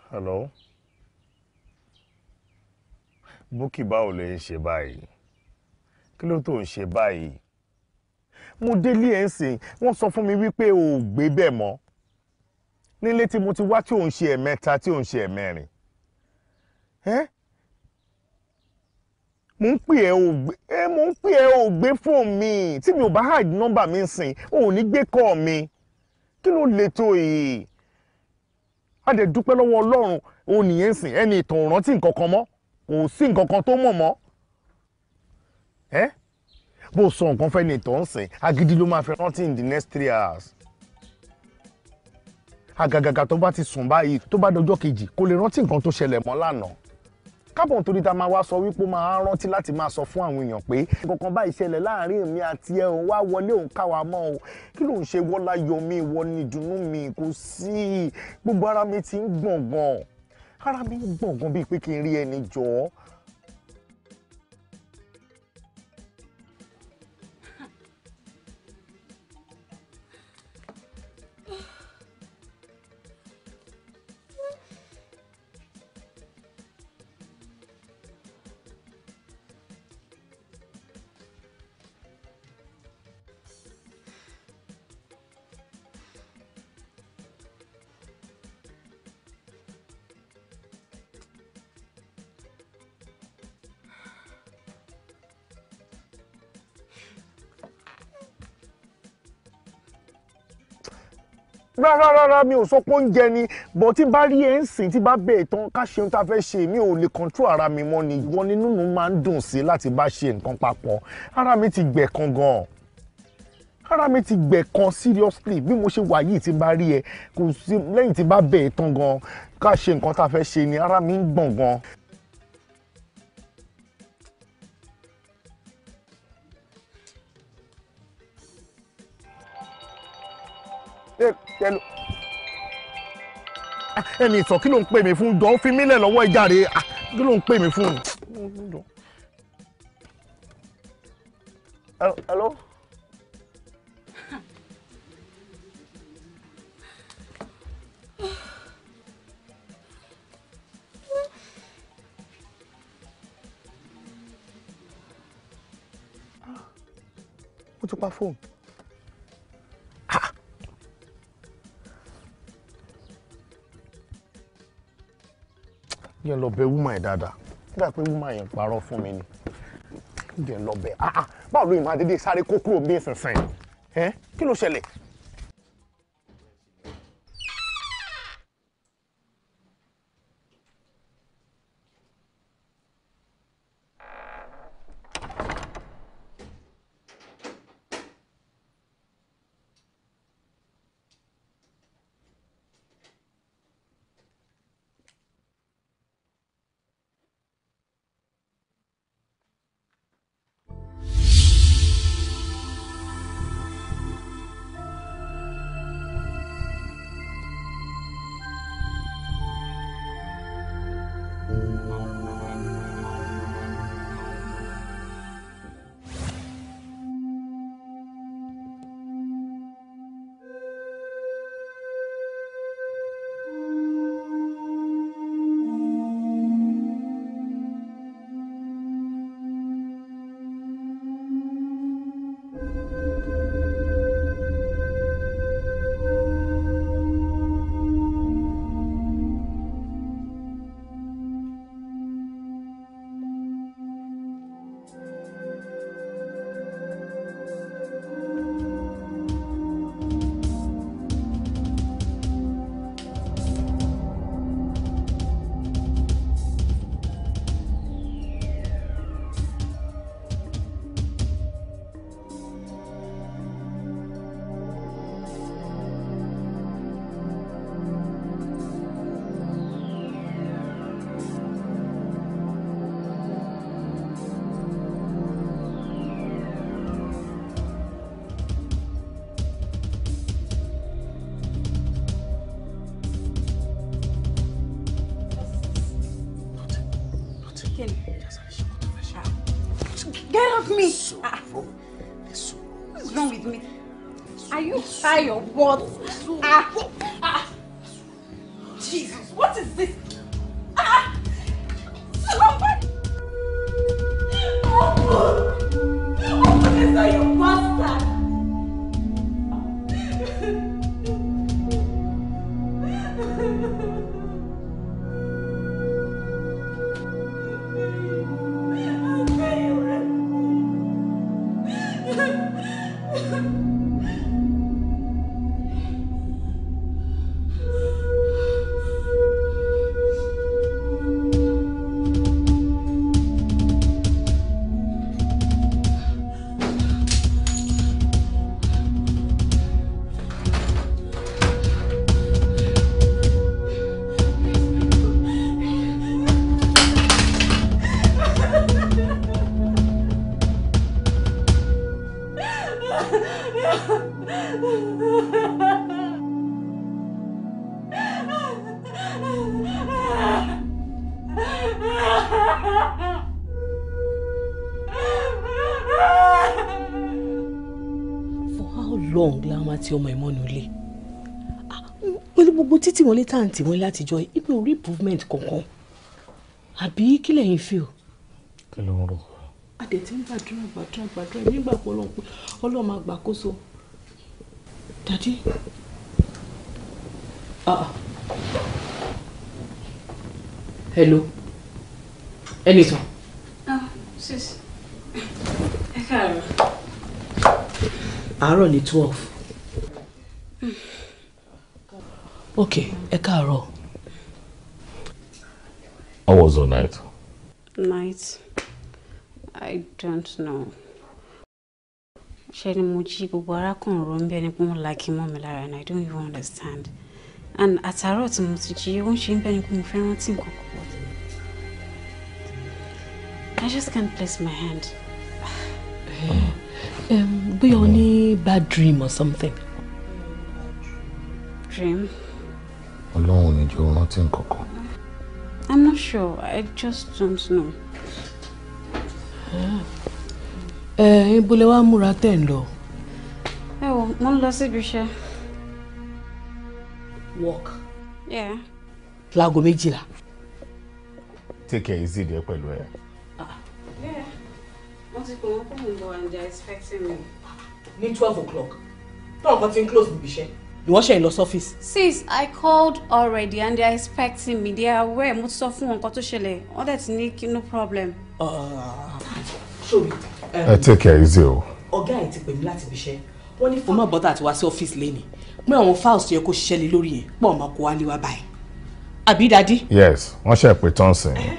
hello Búkì báwo lè ń ṣe báyìí kí ló tó ń ṣe báyìí mo délé ẹ̀ ń sìn wọ́n sọ fún mi wípé o ò gbé bẹ́ẹ̀ mọ́ nílé tí mo ti wá tí ò ń ṣe ẹ̀mẹ́ta tí ò ń ṣe ẹ̀mẹ́rin ẹ́ mo ń pè ẹ́ ò gbé ẹ́ mo ń pè ẹ́ ò gbé fóònù mi tí mi ò bá hide nọ́mbà mi sìn ò ní gbé kọ́ mi kí ló le tó yìí a dẹ̀ dúpẹ́ lọ́wọ́ ọlọ́run ò nìyẹn sìn ẹni ìtàn ò rántí nǹkan kan mọ́ kò sí nǹkan kan tó mọ̀ mọ́ ẹ́ bó sọ nǹkan fẹ́ ni ìtàn ń sìn agídí ló máa fi rántí in the next three hours àgàgàgà tó bá ti sùn báyìí tó bá dọjọ́ kejì kò lè rántí nǹkan tó ṣẹlẹ̀ mọ́ lánàá kábọ̀ nítorí tá a máa wá sọ wípé máa ń rántí láti máa sọ fún àwọn èèyàn pé kankan bá ìṣẹ̀lẹ̀ láàrin mi àti ẹ̀ òun wá wọlé òun káwa mọ́ o kí ló ń ṣe wọ́lá yọmí ìwọ ni ìdùnnú mi kò sí gbogbo ara mi ti ń gbọ̀ngàn ara mi ń gbọ̀ngàn bíi pé kí n rí ẹni jọ̀ọ́ rárá rárá mi ò sọ pé oúnjẹ ni bọ̀ tí bá rí ẹ̀ ń sìn tí bá bẹ̀ tán ká ṣe ohun tá a fẹ́ ṣe mi ò lè control ara mi mọ́ ni ìwọ nínú mi máa ń dùn sí láti bá ṣe nǹkan papọ̀ ara mi ti gbẹ̀ kan gan ara mi ti gbẹ̀ kan seriously bí mo ṣe wà yìí tí bá rí ẹ kò sí lẹ́yìn tí bá bẹ̀ tán gan ká ṣe nǹkan tá a fẹ́ ṣe ni ara mi ń gbọ̀n gan. ṣẹ́ lọ. Ah, ẹni ìtàn kí ló ń pè mí fún jọ fi mílẹ̀ lọ́wọ́ ìjàre ah, kí ló ń pè mí fún. hello. Ah. ó tún pa fóònù. yẹn lọ bẹ wúmà yẹn dáadáa nígbà pé wúmà yẹn parọ́ fún mi ni yẹn lọ bẹ ah, ah báwo ló yìí máa dédé sáré kó kúrò bí ìsinsìn ẹ kí ló ṣẹlẹ̀
love me. Sọ̀rọ̀ ah. sọ̀rọ̀. What's wrong with me? Are you high or what? Ah. Ah. Jesus, what is this?
títí wọn lé tàǹtì wọn látijọ́ ibi orí improvement kankan àbí kí lẹ́yìn fi o. kí ló ń rò. adẹ̀ tí ń gbàdúrà gbàdúrà gbàdúrà nígbà pọ̀ lọ́n pé ọlọ́run máa gbàkóso. dadi ah, ah hello ẹnì ah sis ẹ káàárọ̀. àárọ̀ ni
twelve. Mm.
Okay, Ekaro. how was the night.
night i don't know ṣe ni mo jí gbogbo arákùnrin rò ń bẹ ni pé mo like mọ́ mi lára and i don't even understand and àtàárọ̀ tí mo ti jí ó ń ṣe ń bẹ ni pé i just can't place my hand. bóyá o ní
bad dream or something.
dream
ọlọ́run
ò ní jẹ́ rántí
I'm not sure I just don't know. Eh, ibo lẹ wá múra tẹ̀ ń lọ. ẹ wo work.
yeah. láago méjìlá. take care easy there pẹ̀lú ẹ.
Ah. yeah wọ́n ti pè wọ́n kó mo and they expecting me. Need 12
o'clock Don't àwọn kan ti ń close bùbí iṣẹ́
ìwọ ṣe lọ sọ́fíìsì. sis i called already and they are expecting me they are aware mo ti sọ fún wọn nǹkan tó ṣẹlẹ̀ wọ́n dẹ̀ ti ní no problem. Ah, ah, ah. ṣòwì.
ẹ take care easy o. ọ̀gá ẹ̀ ti pè mí láti ibiṣẹ́ wọ́n ní fún mọ́bọ́tà àti wá sí ọ́fíìsì lẹ́nìí pé àwọn files yẹ kó ṣiṣẹ́ lé lórí yẹn pọ̀ ọmọ kó wá lé wa báyìí. àbí dadi. yes wọ́n ṣe pé tọ́ǹsìn eh?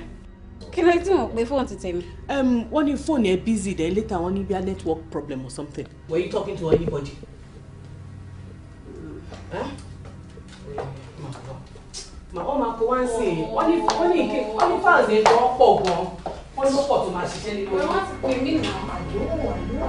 kí ló
tí mo pe fóònù ti
tèmi. wọ́n ní fóònù ẹ busy then later wọ́n ní bí a network problem or something. were you talking to anybody wọ́n máa kó wá ń sìn wọ́n ní wọ́n ní ike wọ́n ní fáàlì ní ẹjọ́ pọ̀ gan-an wọ́n ló
pọ̀ tó máa ṣiṣẹ́ nínú. wọ́n ti pè
mí nà àdúrà àdúrà.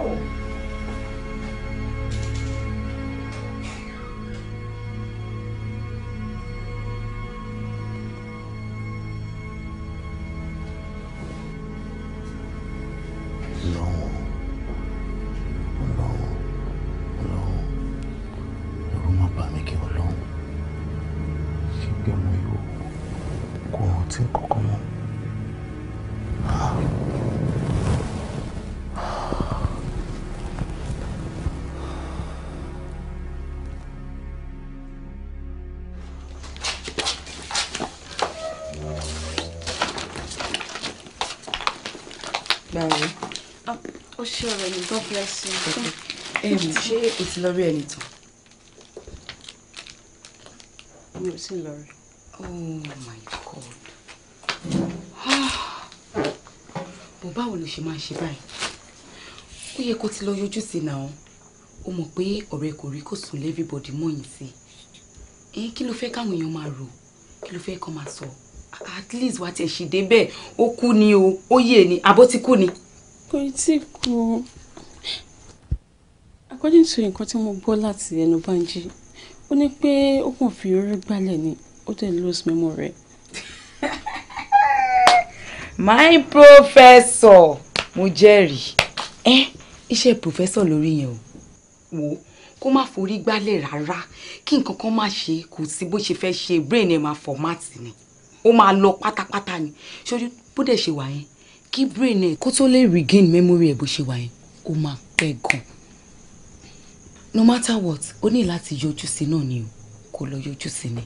sure ẹni God bless you. ẹnì ṣé o ti lọ rí ẹni tán. mi ò sì lọ rí. oh my God. bò báwo ló ṣe máa ṣe báyìí ó yẹ kó ti lọ yọjú sí i náà ó mọ̀ pé ọ̀rẹ́ kò rí kò sùn lé everybody mọ̀yìn sí i kí ló fẹ́ káwọn èèyàn máa rò
kí ló fẹ́ kọ́ máa sọ at least wàá tiẹ̀ ṣì débẹ̀ ó kú ni o ó yè ni
àbó ti kú ni kò according to nǹkan tí mo gbọ́ láti ẹnu Bánjí ó ní pé ó kàn fi orí gbálẹ̀ ni ó dẹ̀ lose memory. my
professor mo jẹ́rìí ẹ iṣẹ́ professor lórí yẹn o wo kó má forí gbálẹ̀ rárá kí nǹkan kan má ṣe kò sí bó ṣe fẹ́ ṣe brain ẹ̀ máa fọ̀mátì ni ó máa lọ pátápátá ni ṣojú bó dẹ̀ ṣe wà yẹn kí brain ẹ̀ kó tó lè regain memory ẹ̀ bó ṣe wà yẹn ó máa pẹ́ gan no matter what ó ní láti yọjú sí náà ni o kò lọ yọjú sí ni.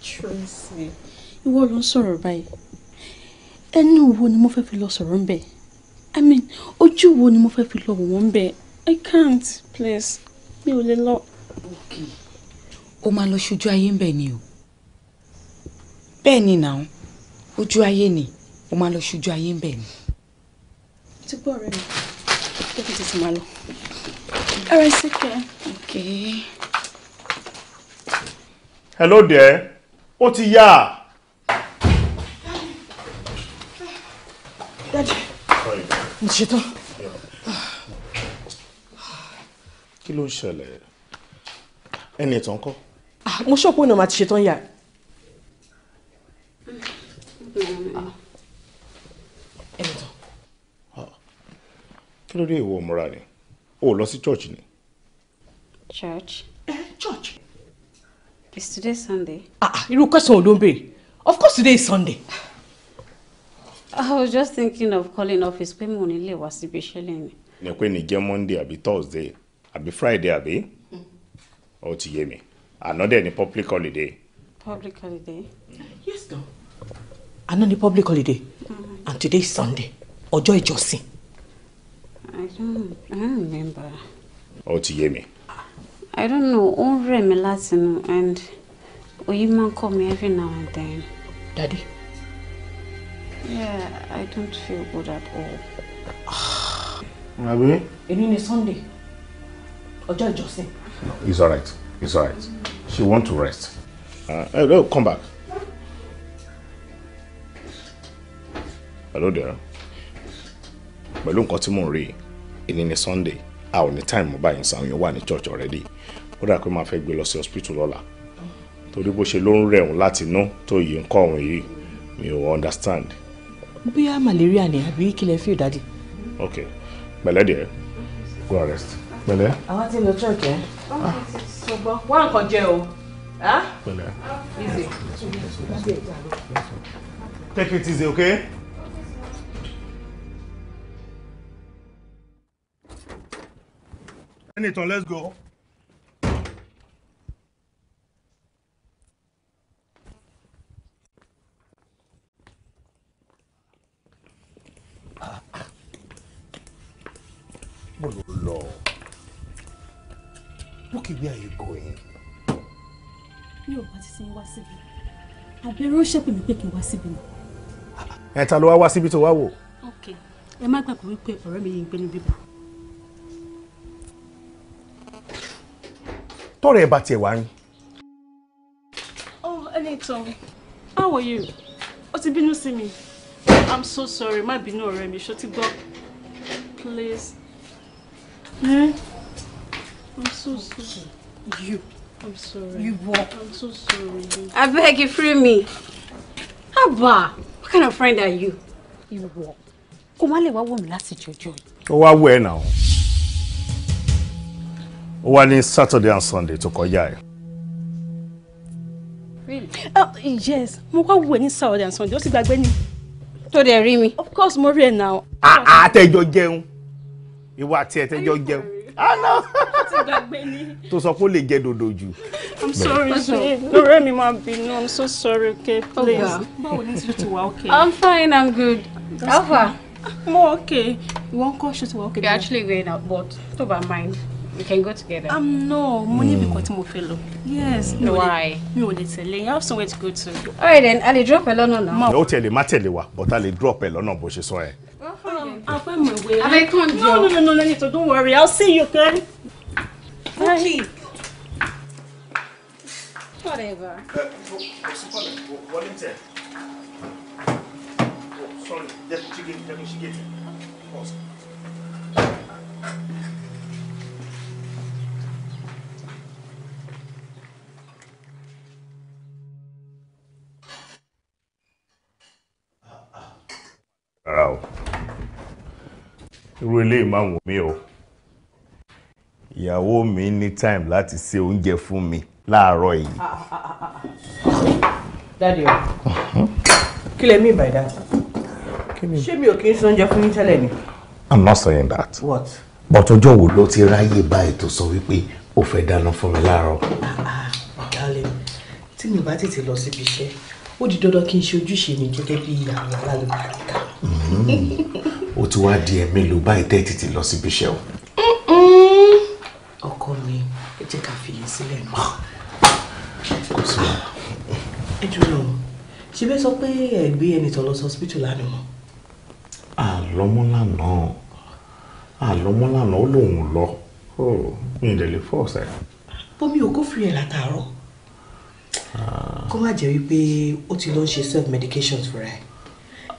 Tracy ìwọ ló ń sọ̀rọ̀ báyìí ẹnu wo ni mo fẹ́ fi lọ sọ̀rọ̀ ń bẹ̀ i mean ojú wo ni mo fẹ́ fi lọ wò ń bẹ̀ i can't please mi ò lè lọ. o máa lọ ṣojú ayé ń bẹ̀ ni o bẹ́ẹ̀ ni nàá ojú ayé ni. O máa lọ ṣojú ayé ń bẹ̀ ni. mo ti gbọ́ ọ̀rẹ́ mi jẹ́kí tètè máa lọ. all right take care.
hello there ó ti yá. dájú mo ti ṣetán. kí ló ń ṣẹlẹ̀ ẹni ìtàn kọ́. Ah, mo ṣọ́ọ̀pù ọ̀nà màá ti ṣetán yà. kí ló dé ìwọ ọmọra ni o lọ sí church ni.
church. church. is today sunday.
ah, ah irú question ò ló ń béèrè of course today is sunday.
i was just thinking of calling office pé mo nílé wá síbi iṣẹ́ lẹ́yìn.
ní pé ní jẹ́ monday àbí thursday àbí friday àbí mm. ó ti yé mi Another ni public holiday.
public holiday. yes though.
Another ni public holiday mm -hmm. and today is sunday ọjọ́ ìjọsìn.
I don't, I don't remember.
Ó ti yé mi.
I don't know, ó ń rẹ̀ mí láti nù and òyì máa ń kọ́ mi every now and then. Daddy? Yeah, I don't feel good at all. Àbí? Èmi ni Sunday, ọjọ́ ìjọsìn.
No, it's alright, it's alright. She want to rest. Uh, hello, come back. Hello there. Pẹ̀lú nǹkan tí mò ń rí yìí èyí ni sunday a ò ní time mo báyìí sàn yín wà ní church already ó dà pé máa fẹ́ gbé lọ sí hospital lọ́la torí bó ṣe ló ń rẹ̀ òun láti inú tó yìí ń kọ́ òun yìí mi ò understand. bóyá malaria ni àbí kí lẹ fi ìdádì. ok pẹ̀lẹ́ díẹ̀ go arrest pẹ̀lẹ́.
àwọn ti lọ church ẹ. Eh? ṣùgbọ́n wá nǹkan jẹ o. Ah? pẹ̀lẹ́.
take it easy okay. Senator, let's go. Lord. Look, where are you going?
You are practicing Wasibi. Abẹ́rẹ́ ó ṣẹ̀pẹ̀ mí to take n wá síbi ni.
Ẹ ta ló wá wá síbi tó wá wò?
Ok,
ẹ má gbàgbọ́ wípé ọ̀rẹ́ mi yìí
tọrẹ ẹ bá tiẹ̀ wá rin.
oh Enito how are you o ti bínú sí mi i'm so sorry má bínú ọ̀rẹ́ mi ṣó ti gbọ́ please eh? i'm so sorry you i'm sorry you what i'm so sorry. abeg you free me haba what kind of friend are you. you wọ kó má lè wá wò mí láti jọjọ.
ó wá wọ ẹ náà ó wá ní Saturday and Sunday tó kọjá ẹ.
Really? Uh, yes mo wá wù ẹ ní Saturday and Sunday ó sì gbàgbé ni. tó dẹ̀ rí mi. of course mo rí ẹ náà.
àtẹjọ jẹun ìwọ àti ẹtẹjọ jẹun. Ah, àná tó sọ pé ó lè jẹ dòdò jù. i'm sorry
lọ́rẹ́ mi máa bínú i'm so sorry okay oh, please.
báwo ni ṣe ti wà okay. i'm
fine i'm good. how far. Ah, mo okay. You ń kọ́ ṣe ti wà okay. we actually going out but don't mind we can go together. um no money. ní ibìkan hmm. tí mo fẹ́ yes mi ò lè mi ò lè tẹ̀lé have somewhere to go to. all right then a lè drop ẹ lọ́nà náà. ó
tẹ̀lé má tẹ̀lé wa but I'll drop ẹ lọ́nà bó ṣe sọ ẹ.
afẹ́ mi wé. abẹ́ kàn jọ. no no no no don't worry i'll see you okay. Bye. Whatever.
Sorry, let me get it. get it. Pause. rárá o irú eléyìí máa wù mí o ìyàwó mi ní time láti ṣe oúnjẹ fún mi láàárọ̀ yìí. dáàdi o kí lè mí by that ṣé mi ò kí ń sọ oúnjẹ fún yín tẹ́lẹ̀ ni. i'm not saying that. what. but ọjọ́ wo ló ti ráyè báyìí tó sọ wípé o fẹ́ dáná fún mi láàárọ̀. Ah, ah, ah, darling tí mi bá tètè lọ síbi iṣẹ́ ó di dandan kí n ṣe ojúṣe mi gẹ́gẹ́ bí àwọn alálùbáríkà. ó ti wá di ẹ̀mí ló báyìí tẹ́ tètè lọ síbi iṣẹ́ o. ọkọ mi ẹ jẹ́ ká fi yín sílẹ̀ nù. kò sí wa. ẹ dúró ṣe bẹ́ẹ̀ sọ pé ẹ gbé tó lọ sí hospital lánàá. àlọ́mọ́ lánàá àlọ́mọ́ lánàá ó lóun lọ oh, mi ì lè lè fọ́ ọ̀sẹ̀. bómi ò kó fi ẹ̀ látàárọ̀ kó má jẹ́ wípé ó ti lọ ṣe self medications for her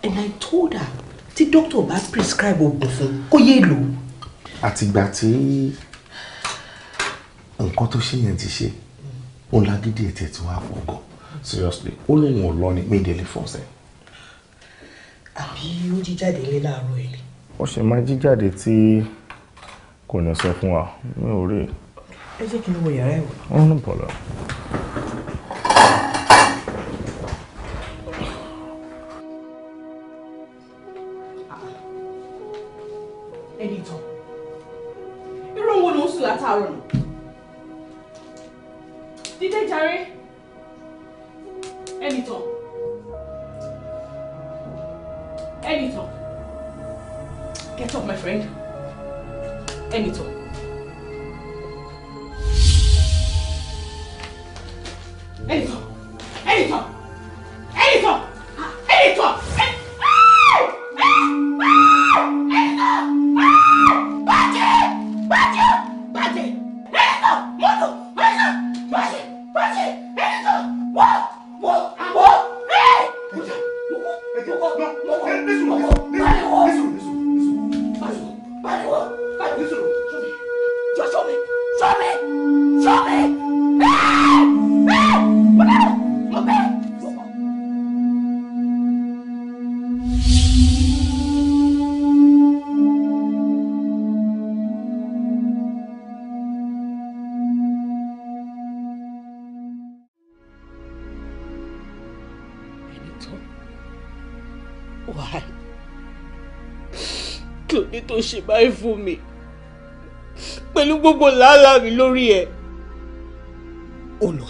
and I told her tí doctor bá prescribe oògùn fún kó yé lò. àtìgbà tí nǹkan tó ṣe yẹn ti ṣe òun lágídí ètè tí wàá fọ gan seriously ó lè wọn lọ ní méjèlé fọsẹ. àbí ó jí jáde ilé láàárọ̀ ẹ̀ ni. ó ṣe máa jí jáde tí kò ní sọ fún wa mi ò rí.
ẹ jẹ́ kí n wọ yàrá ẹ̀wọ̀. ó ń bọ̀ lọ.
ẹni ìtàn irú òun ló ń sùn látàárọ̀ nù
dídé jàre ẹni ìtàn
get up my friend ẹni ìtàn.
Editor! Editor! Editor! Editor! Editor! Show me! Show me! Show Ah! Ah!
tó ṣe báyìí fún mi pẹ̀lú gbogbo làálàá mi lórí ẹ̀. o lọ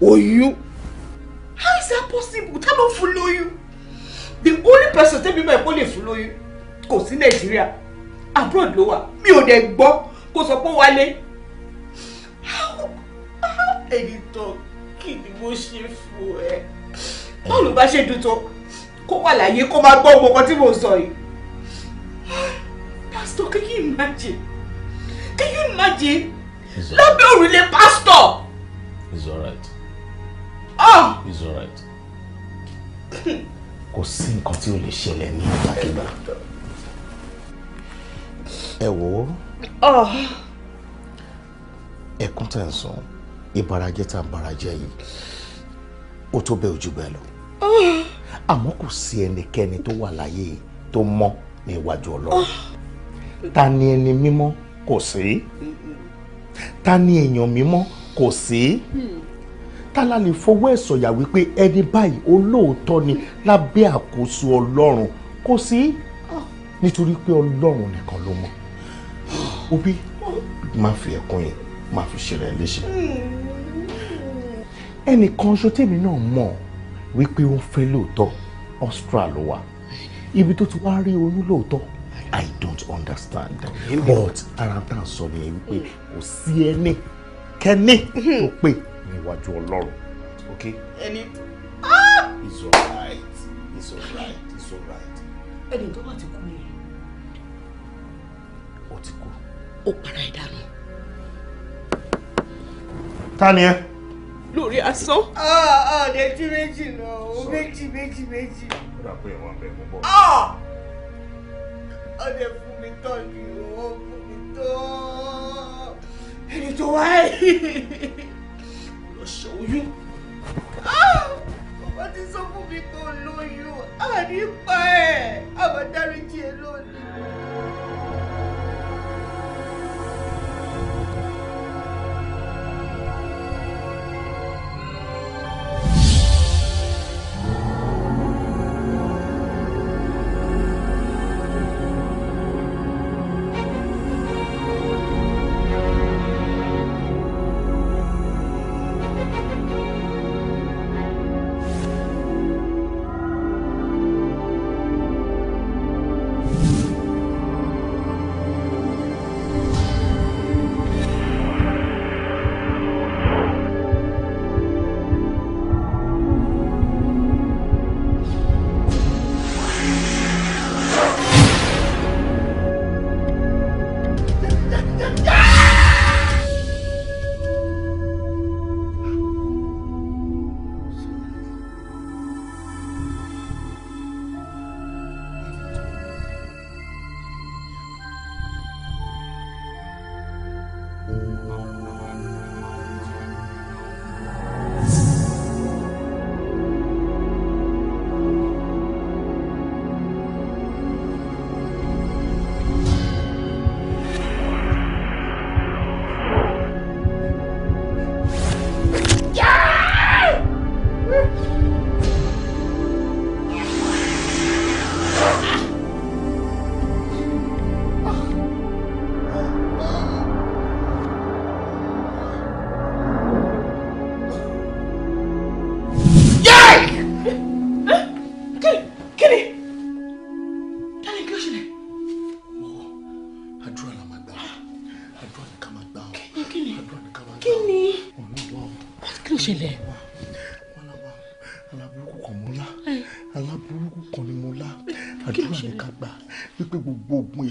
oyún. how is that possible tá ló fún lóyún the only person tẹ́bi mọ̀ ẹ́ kó lè fún lóyún kò sí nàìjíríà abroad ló wà mi ò dẹ̀ gbọ́ kó sọ pé wálé. ẹni tán kí ni mo ṣe fún ẹ báwo ló bá ṣe dùn tó kó wà láyé kó máa gbọ́ ọmọ kan tí mò sọ yìí. Pastor, can you imagine? Can you imagine? It's all right. Lábẹ́ ah. pastor. He's alright. Oh. He's alright. Kò sí nǹkan tí ó lè ṣẹlẹ̀ ní ìgbàkigbà. Ẹ wò ó. Ah. Ẹkún tẹ̀ ń sùn, ìbarajẹ́ tá à ń barajẹ́ yìí, ó tó bẹ́ẹ̀ ojú bẹ́ẹ̀ lọ.
Ah.
Àmọ́ kò sí ẹnikẹ́ni ta ni ẹni mímọ́ kò sí ta ni èèyàn mímọ́ kò sí ta la lè fọwọ́ ẹ̀ sọ̀yà wípé ẹni báyìí olóòótọ́ ni lábẹ́ àkóso ọlọ́run kò sí nítorí pé ọlọ́run nìkan ló mọ̀ òbí má fi ẹ̀kún yẹn má fi ṣe rẹ̀ léṣe ẹnìkan ṣo tèmi náà mọ̀ wípé ó ń fẹ́ lóòótọ́ Austria wà ibi tó ti wá rí oyún lóòótọ́ I don't understand but ara tá a sọ nìyẹn wípé kò sí ẹni kẹ́ni tó hmm. pè níwájú Okay. ok. Ah! it's alright it's alright it's alright. ẹni tó bá ti kú nìyẹn. ó ti kú. ó para ẹ̀ dànù. ta ni ẹ lórí asán. ọ̀ọ́
ọ̀ọ́ dẹ̀ tí méjì náà o méjì méjì méjì.
ó dà pé ìwọ̀n bẹ̀
mú bọ̀ ọdẹ fún mi tọ́jú owó fún mi tó
ẹni tó wá yìí lọ ṣe oyún. wọ́n ah! ti sọ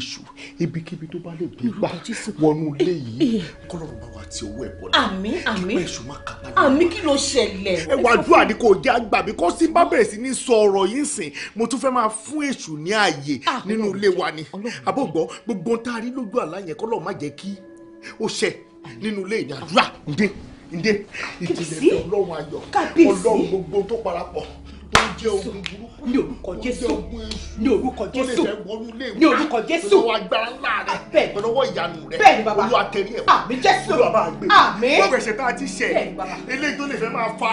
èṣù ibikíbi tó bá lè gbé gbà wọnú ilé yìí eh. kọlọ́run bá wa ti owó ẹ̀ bọ́lá àmín àmín kípa èṣù má kápá lọ́wọ́ àmín kí ló ṣẹlẹ̀. ẹ wàá dúró àdí kò já gbà bí kò sí bá bẹ̀rẹ̀ sí ní sọ ọ̀rọ̀ yìí sìn mo tún fẹ́ máa fún èṣù ní ààyè ah, nínú ilé wa ni àbọ̀gbọ́ gbogbo tá a rí lójú àlá yẹn kọlọ́run má jẹ́ kí ó ṣẹ nínú ilé ìdádúrà ǹdẹ́ ǹdẹ́ ìjìnlẹ̀ ọlọ́run ayọ̀ ọlọ́run gbogbo tó parapọ̀ tó ń jẹ́ ogun burúkú ní orúkọ jésù ní orúkọ jésù ní orúkọ jésù pẹ̀lú agbára ńlá rẹ ah, bẹ́ẹ̀ pẹ̀lú ọwọ́ ìyanu rẹ bẹ́ẹ̀ ni baba olúwa tẹ̀lé ẹ̀ àmín jésù olúwa máa gbé àmín gbogbo ẹ̀ṣẹ̀ tá a ti ṣẹ̀ eléyìí tó lè fẹ́ máa fa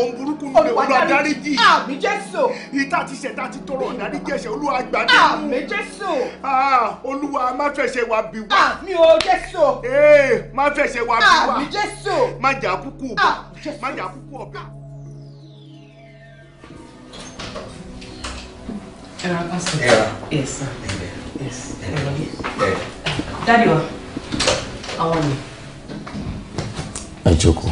ohun burúkú ní olúwa dáríjì àmín jésù ìta ti ṣẹ̀ tá a ti tọrọ dáríjì ẹ̀ṣẹ̀ olúwa gbà nínú àmín jésù ah, olúwa má fẹ̀ṣẹ̀ wa bí wa àmín o jésù eh, má fẹ̀ṣẹ̀ wa bí wa àmín jésù má jà kúkú ọ̀bẹ má jà kúkú ọ̀bẹ.
Era
pastor. Era. Yes, sir. Amen. Yes. Amen. Amen. Daddy, how are you? Ẹ jókòó.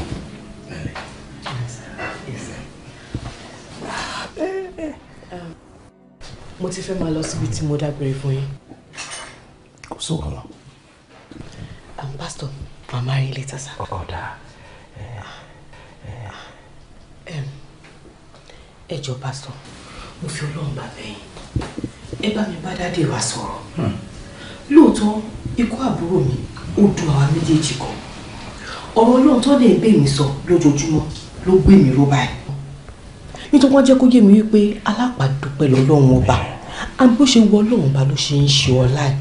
Mo ti fẹ́ máa lọ síbi tí mo dágbére fún yín. Kò sí wàhálà. I'm pastor. Màá máa rí later, sir. Ọ̀dà. Ẹ jọ̀ọ́ pastor mo fi ọlọ́run bá bẹ̀yìn ẹ bá mi bá dáde wa sọ̀rọ̀ hmm. lóòótọ́ ikú àbúrò mi ó dùn àwa méjèèjì kan ọ̀rọ̀ ọlọ́run tó lè bẹ̀ mí sọ lójoojúmọ́ ló gbé mi ró báyìí
nítorí wọ́n jẹ́ kó yé mi wípé alápàdúpẹ́
lọ́lọ́run ọba àmì bó ṣe wọ ọlọ́run ọba ló ṣe ń ṣe ọlá ẹ̀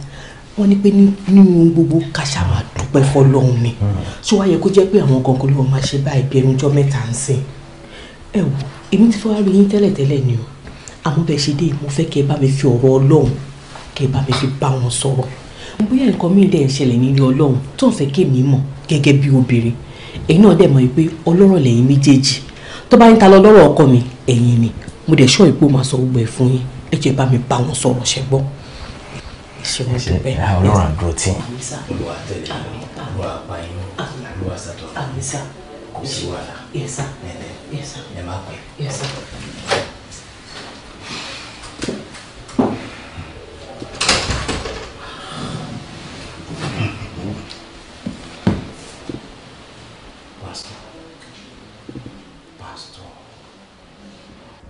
wọ́n pé nínú gbogbo kàṣà máa dúpẹ́ fọlọ́run ni ṣé hmm. wàá yẹ kó jẹ́ pé àwọn gangan ló máa ṣe báyìí bí ẹnujọ́ mẹ́ta ń sìn ẹ wò èmi ti fẹ́ rí yín tẹ́lẹ̀tẹ́lẹ̀ ni o àmọ́ bẹ́ẹ̀ ṣe dé mo fẹ́ kẹ́ ẹ bá mi fi ọ̀rọ̀ ọlọ́run kẹ́ ẹ bá mi fi bá wọn sọ̀rọ̀ bóyá nǹkan míì dẹ̀ ń ṣẹlẹ̀ nílé ọlọ́run tó ń fẹ́ kémi mọ̀ gẹ́gẹ́ bí obìnrin èyí náà dẹ̀ mọ̀ pé ọlọ́rọ̀ lẹ́yìn méjèèjì tó bá ń ta lọ́rọ̀ ọkọ mi ẹ̀yìn ni mo dẹ̀ ṣọ́ ìpò máa sọ gbogbo ẹ̀ fún yín ẹ jẹ́ bá mi bá wọn sọ̀rọ̀ ṣẹ́ gbọ́. Ah, ọlọ́run àdúró tí olúwa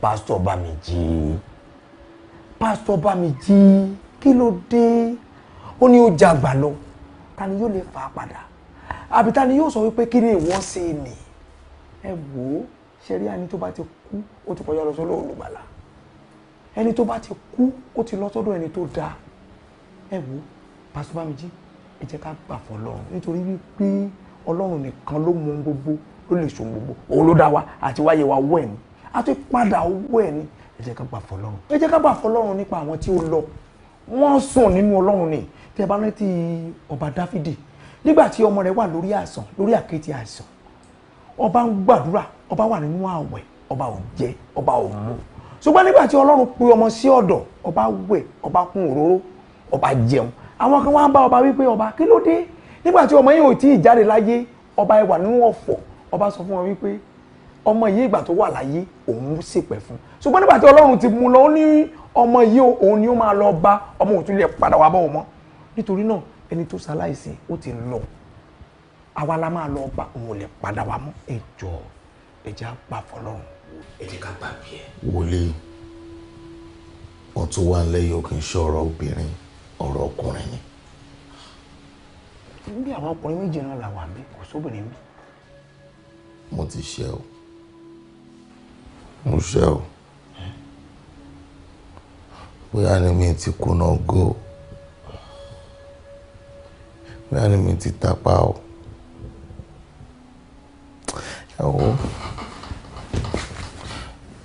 pásítọ̀ bá mi jí pásítọ̀ bá mi jí kí ló dé ó ní ó jàgbà lọ ta ni yóò lè fà á padà àbí ta ni yóò sọ wípé kí ni ìwọ́n ṣe nì ẹ wò ó ṣẹ̀rí àní tó bá ti kú ó ti kọjá lọ sọ́dọ̀ olùgbàlà ẹni tó bá ti kú ó ti lọ sọ́dọ̀ ẹni tó dáa ẹ wò ó pásítọ̀ bá mi jí ẹ jẹ́ ká gbà fọlọ́run nítorí wípé ọlọ́run nìkan ló mọ gbogbo ló lè ṣòun gbogbo òun ló dá wa àti wáyé wa wọ́ ẹ̀ ni a tún padà owó ẹ̀ ni ẹ jẹ́ ká gbà fọlọ́run ẹ jẹ́ ká gbà fọlọ́run nípa àwọn tí ó lọ wọ́n sùn nínú ọlọ́run ni tí ẹ bá rántí ọba dáfídì nígbà tí ọmọ rẹ̀ wà lórí àìsàn lórí àkéte àìsàn ọba ń gbàdúrà ọba wà nínú àwẹ̀ ọba ò jẹ ọba ò mu ṣùgbọ́n nígbà tí ọlọ́run pe ọmọ sí ọ̀dọ̀ ọba wẹ̀ ọba kún òróró ọba jẹun àwọn kan wá ń bá ọba wípé ọba kí ló dé nígbà tí ọmọ yìí ò tí ì jáde láyé ọba ẹ nínú ọ̀fọ̀ ọba sọ fún wọn wípé ọmọ yìí ìgbà tó wà láyé òun ṣèpẹ́ fún ṣùgbọ́n nígbà tí ọlọ́run ti mú lọ ó ní ọmọ yìí òun ni ó máa lọ bá ọmọ òun tún lè padà wá bá òun mọ́ nítorí náà ẹni tó ṣaláìsí ó ti lọ àwa la máa lọ bá òun ò lè padà wá mọ́ ẹ jọ ẹ jẹ́ àgbà fọlọ́run. ẹ jẹ́ ká gbà bí ẹ. wòlíì wọn tún wá lẹ́yìn òkè iṣẹ́ ọ̀rọ̀ obìnrin ọ̀rọ̀ ọkùnrin ni. bí àwọn ọkùnrin méjì náà làwọn àbí kò sóbìnrin mi. mo ti ṣe o mo ṣe o bóyá ni mi ti kùnà go bóyá ni mi ti tapá o ẹ wo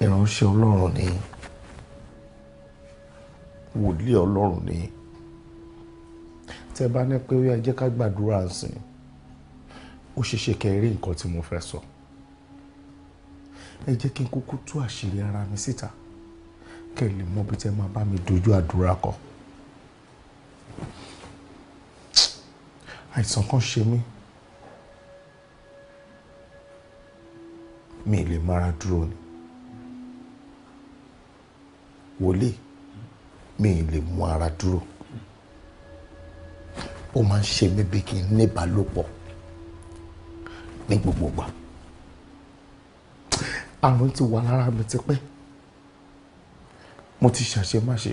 ìránṣẹ́ ọlọ́run ni wòlíì ọlọ́run ni tẹ́ bá ní pé ó yẹ jẹ́ ká gbàdúrà sí i ó ṣeé kẹ́ ẹ rí nǹkan tí mo fẹ́ sọ. So ẹ jẹ́ kí n kúkú tú àṣírí ara mi síta kẹ́ ẹ lè mọ bí tẹ́ máa bá mi dojú àdúrà kọ. àìsàn kan ṣe mí mi lè mara dúró ni wòlíì mi lè mú ara dúró ó máa ń ṣe mí bí kí n ní ìbálòpọ̀ ní gbogbo àrùn ti wà lára mi tipẹ́ mo ti ṣàṣemáṣe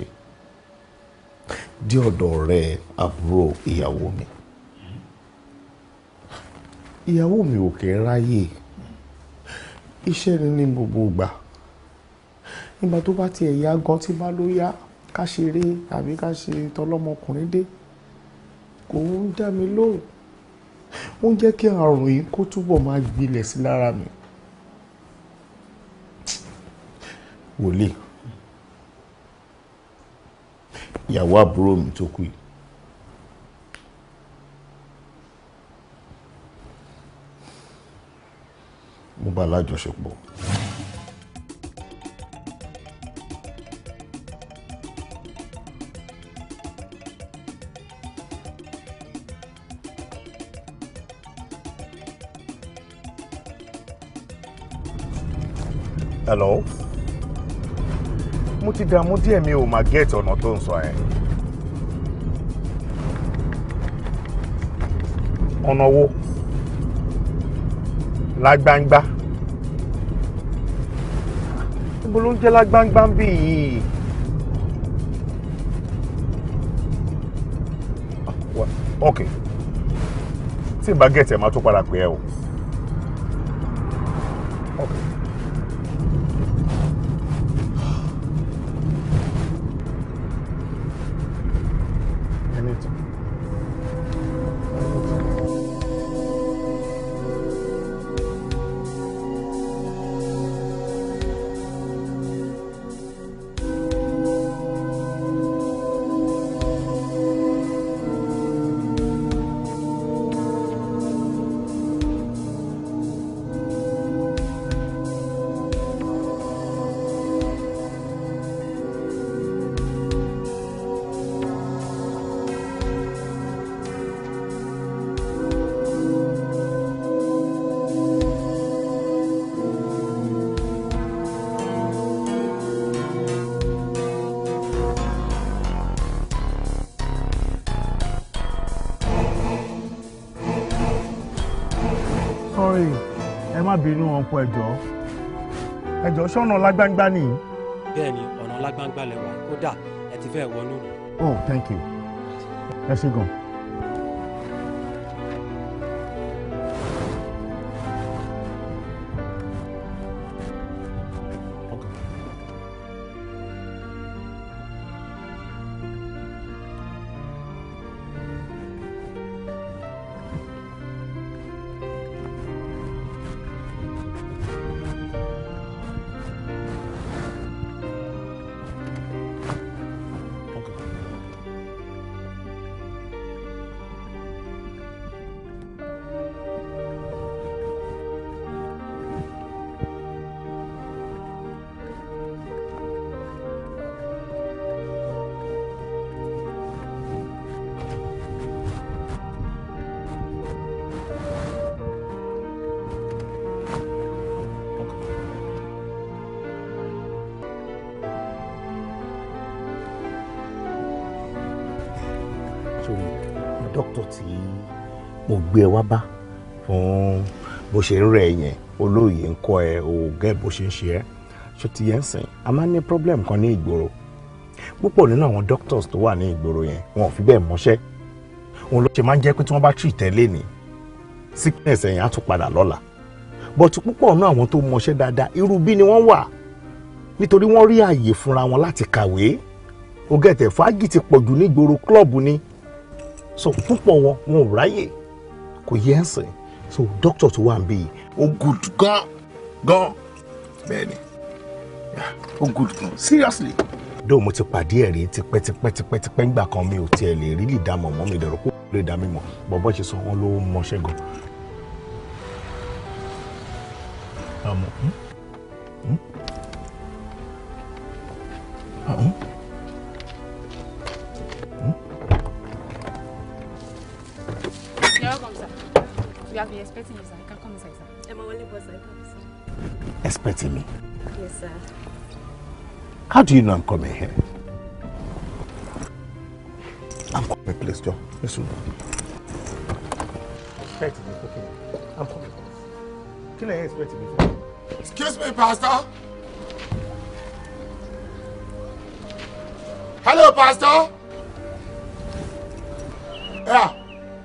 dé ọ̀dọ̀ rẹ àbúrò ìyàwó mi ìyàwó mi ò kẹ́ ráyè iṣẹ́ ni ní gbogbo ìgbà nígbà tó bá tiẹ̀ yá gan tí bá ló yá ká ṣeré àbí ká ṣe tọlọ́mọkùnrin dé kò ń dá mi lóhùn ó ń jẹ́ kí àrùn yìí kó túbọ̀ máa gbilẹ̀ sí lára mi wòlíì ìyàwó àbúrò mi tó kú yìí mo bá lájọṣepọ̀ Hello? mo ti dààmú díẹ̀ mi ò máa gẹ́ẹ̀tì ọ̀nà tó ń sọ ẹ̀. ọ̀nà wo lágbangba níbo ló ń jẹ́ lágbangba ń bì yìí. ok tí n bá gẹ̀ẹ́tì ẹ̀ máa tún padà pè é o. ọ̀ràn ẹ̀jọ́ ẹ̀jọ́ sọ̀nà lágbangba ni. bẹ́ẹ̀ni ọ̀nà lágbangba lẹwà kódà ẹ ti fẹ́
wọnú.
oh thank you ẹ ṣé gan.
dókítà tí mo gbé ẹ wá bá fún bó ṣe ń rẹ yẹn olóòye ń kọ ẹ òògùn ẹ bó ṣe ń ṣe ẹ ṣó ti yẹn sìn a máa ń ní problem kan ní ìgboro púpọ̀ nínú àwọn doctors tó wà ní ìgboro yẹn wọn ò fi bẹ́ẹ̀ mọṣẹ́ òun ló ṣe máa ń jẹ́ pé tí wọ́n bá treat ẹ lẹ́nìí sickness ẹ̀yìn á tún padà lọ́la but púpọ̀ nínú àwọn tó mọṣẹ́ dáadáa irú bí ni wọ́n wà nítorí wọ́n rí ààyè fúnra wọn láti kàwé ògẹ̀tẹ̀ fàájì ti pọ̀jù nígboro klọ́ọ̀bù ni so púpọ̀ wọn wọn ò ráyè kò yẹ ẹ́ sìn so doctor tó wà ń bí ó good gan gan bẹ́ẹ̀ni ó good gan seriously. dóò mo ti pàdé ẹ̀rí tipẹ́tipẹ́tipẹ́tipẹ́ ńgbà kan mi ò tiẹ̀ lè rí lè dá mọ̀ mọ́ mi dẹ̀rọ kó lè dá mi mọ̀ bọ́bọ́ ṣe sọ wọn ló mọṣẹ́ gan. àmọ́. 嗯。
Hmm? Hmm?
You have been expecting you, sir. You can come inside, sir. I'm only boss, sir. Come, sir. Expecting me? Yes, sir.
How do you know I'm coming here? I'm coming, please, John. Yes, sir. Expecting me, okay. I'm coming. Can I expect me for? Excuse me, Pastor. Hello, Pastor. Yeah,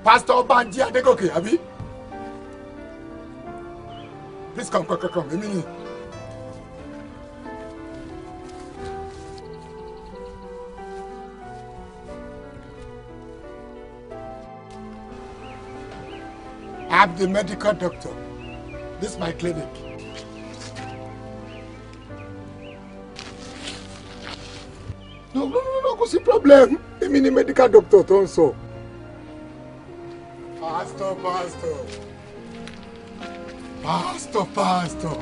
Pastor Banji Adegoke, abi? please come come come èmi I'm the medical doctor. This is my clinic. No, no, no, no, What's the problem. Èmi ni medical doctor don't so.
Pastor, pastor.
Pastor, Pastor.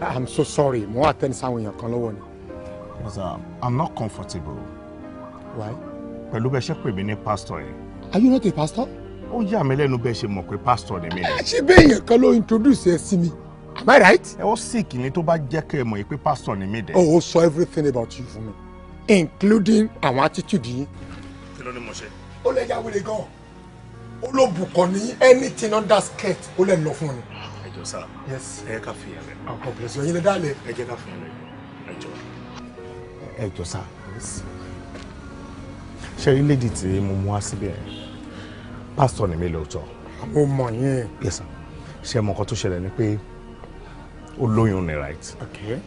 Ah, I'm so sorry. Mo wá tẹ́ni sáwọn èèyàn kan lọ́wọ́ I'm not comfortable. Why? Pẹ̀lú bẹ́ẹ̀ ṣe pè mí ní pastor yẹn. Are you not a pastor? Ó yà mí lẹ́nu bẹ́ẹ̀ ṣe mọ̀ pé pastor ni mí. Ẹ ṣe bẹ́ẹ̀ yẹn kan ló introduce ẹ sí mi. Am I right? Ẹ ó sick ni tó bá jẹ́ kẹ́ ẹ mọ̀ pé pastor ni mí dẹ̀. Oh, ó sọ everything about you fún mi, including àwọn attitude yìí. Kí ló ní mo ṣe? Ó lè yà wèrè gan-an olóbùkọ ní anything under skirt ó lè lọ fún ọ ni. ẹjọ sá ẹ ká fi yẹn lẹ. ọkọ bless you ẹyin lè dálẹ. ẹ jẹ ká fi yẹn lẹ ẹjọ. ẹjọ sá ṣe rí lady tí mo mú wá síbẹ̀ yẹn pásítọ̀ ni mi lóòótọ́. mo mọ̀ yín. yes sir ṣe mọ nǹkan tó ṣẹlẹ̀ ni pé ó lóyún ni right. okay.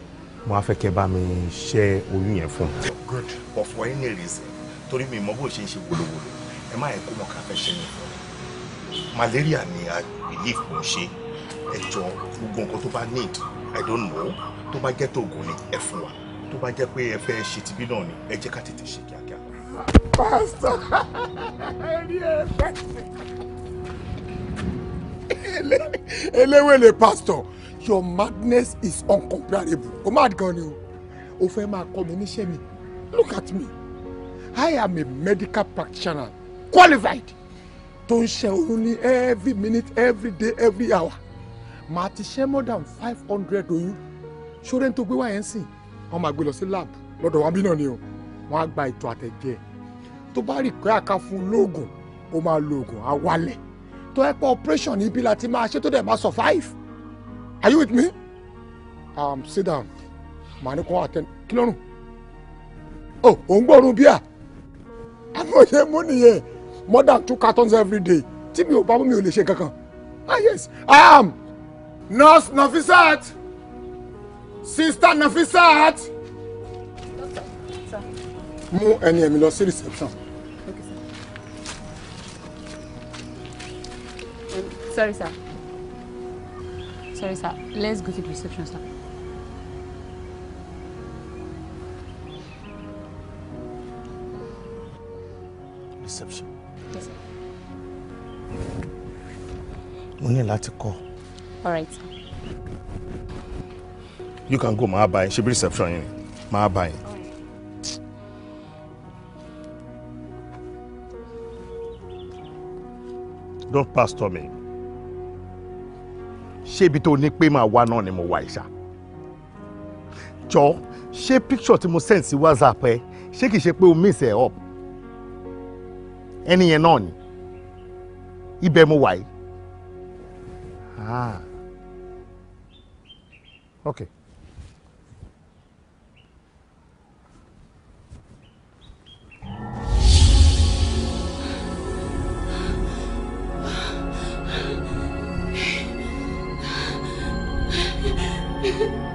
mo á fẹ́ kẹ́ bá mi ṣe oyún yẹn fún. good but for any reason torí mi mọ bó ṣe ń ṣe wòlòwòlò ẹ má yẹ kó mọ ká ṣe yẹn malaria ni i believe mo ṣe ẹjọ gbogbo nǹkan tó bá need i don't know tó bá jẹ́ tóògùn ni ẹ fún wa tó bá jẹ́ pé ẹ fẹ́ ṣe tibí náà ni ẹ jẹ́ ká tètè ṣe kíákíá.
pásítọ̀ ẹni ẹ fẹ́
eléwèlé pásítọ̀ your madness is uncomparable o mad gan ni o o fẹ́ máa kọ́ mi níṣẹ́ mi look at me i am a medical practitioner qualified tó ń ṣe oyún ní every minute every day every hour màá ti ṣe more than five hundred oyún ṣóre tó gbé wá yẹn sìn wọn máa gbé lọ sí lab lọ́dọ̀ wọn bí náà ni o wọn á gba ètò àtẹ̀jẹ́ tó bá rí ìkọ́ àká fún lóògùn ó máa lo oògùn á wálẹ̀ tó ẹ pa operation níbí la ti máa ṣe tó dẹ̀ máa survive are you with me um, sit down màá ní kó àtẹn kí lọ́rùn oh òun gbọ́rùn bíà àmọ́ ṣe mú nìyẹn more than two cartons every day tí mi ò bá mú mi ò lè ṣe kankan ah yes i am. nurse nafisat sister nafisat. mú ẹni ẹ̀mí lọ sí reception.
Sorry, sir. Sorry, sir. Let's go to the reception, sir.
Reception
mo ní láti kọ. all right. you can go máa bá yín ṣe bí reception yín máa bá yín. don't pass to me ṣé ibi tó ní pé máa wá náà ni mo wà ìṣá jọ ṣé picture tí mo send sí whatsapp ẹ ṣé kìí ṣe pé o miss ẹ up ẹni yẹn náà ni ibẹ̀ mo wà yìí. Ah. Okay.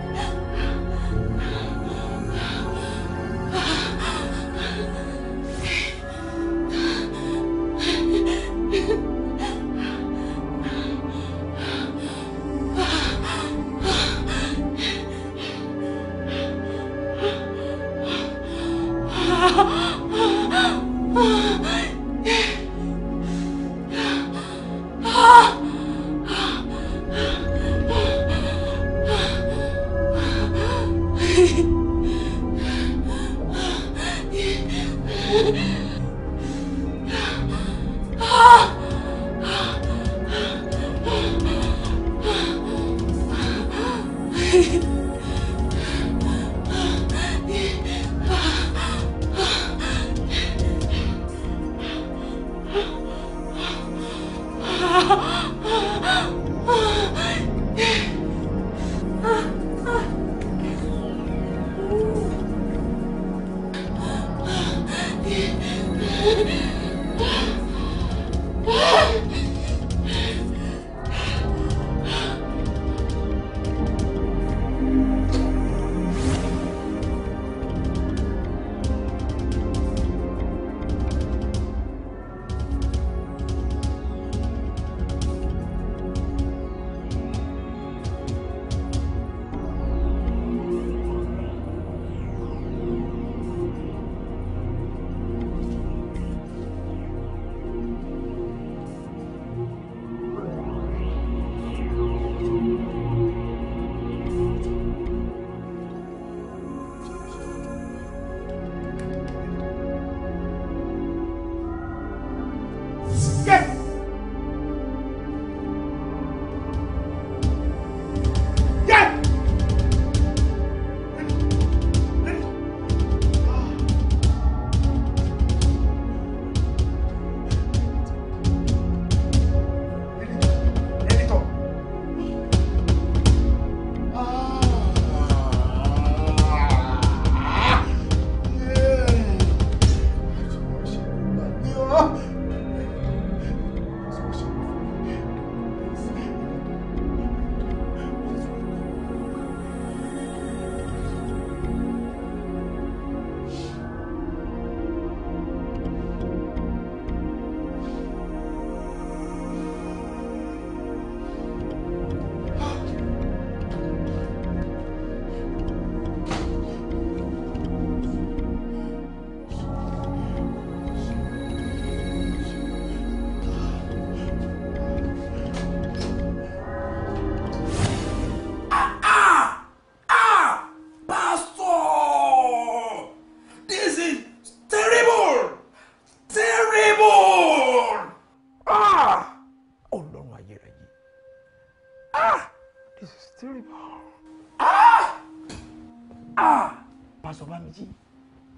Pastor Bamiji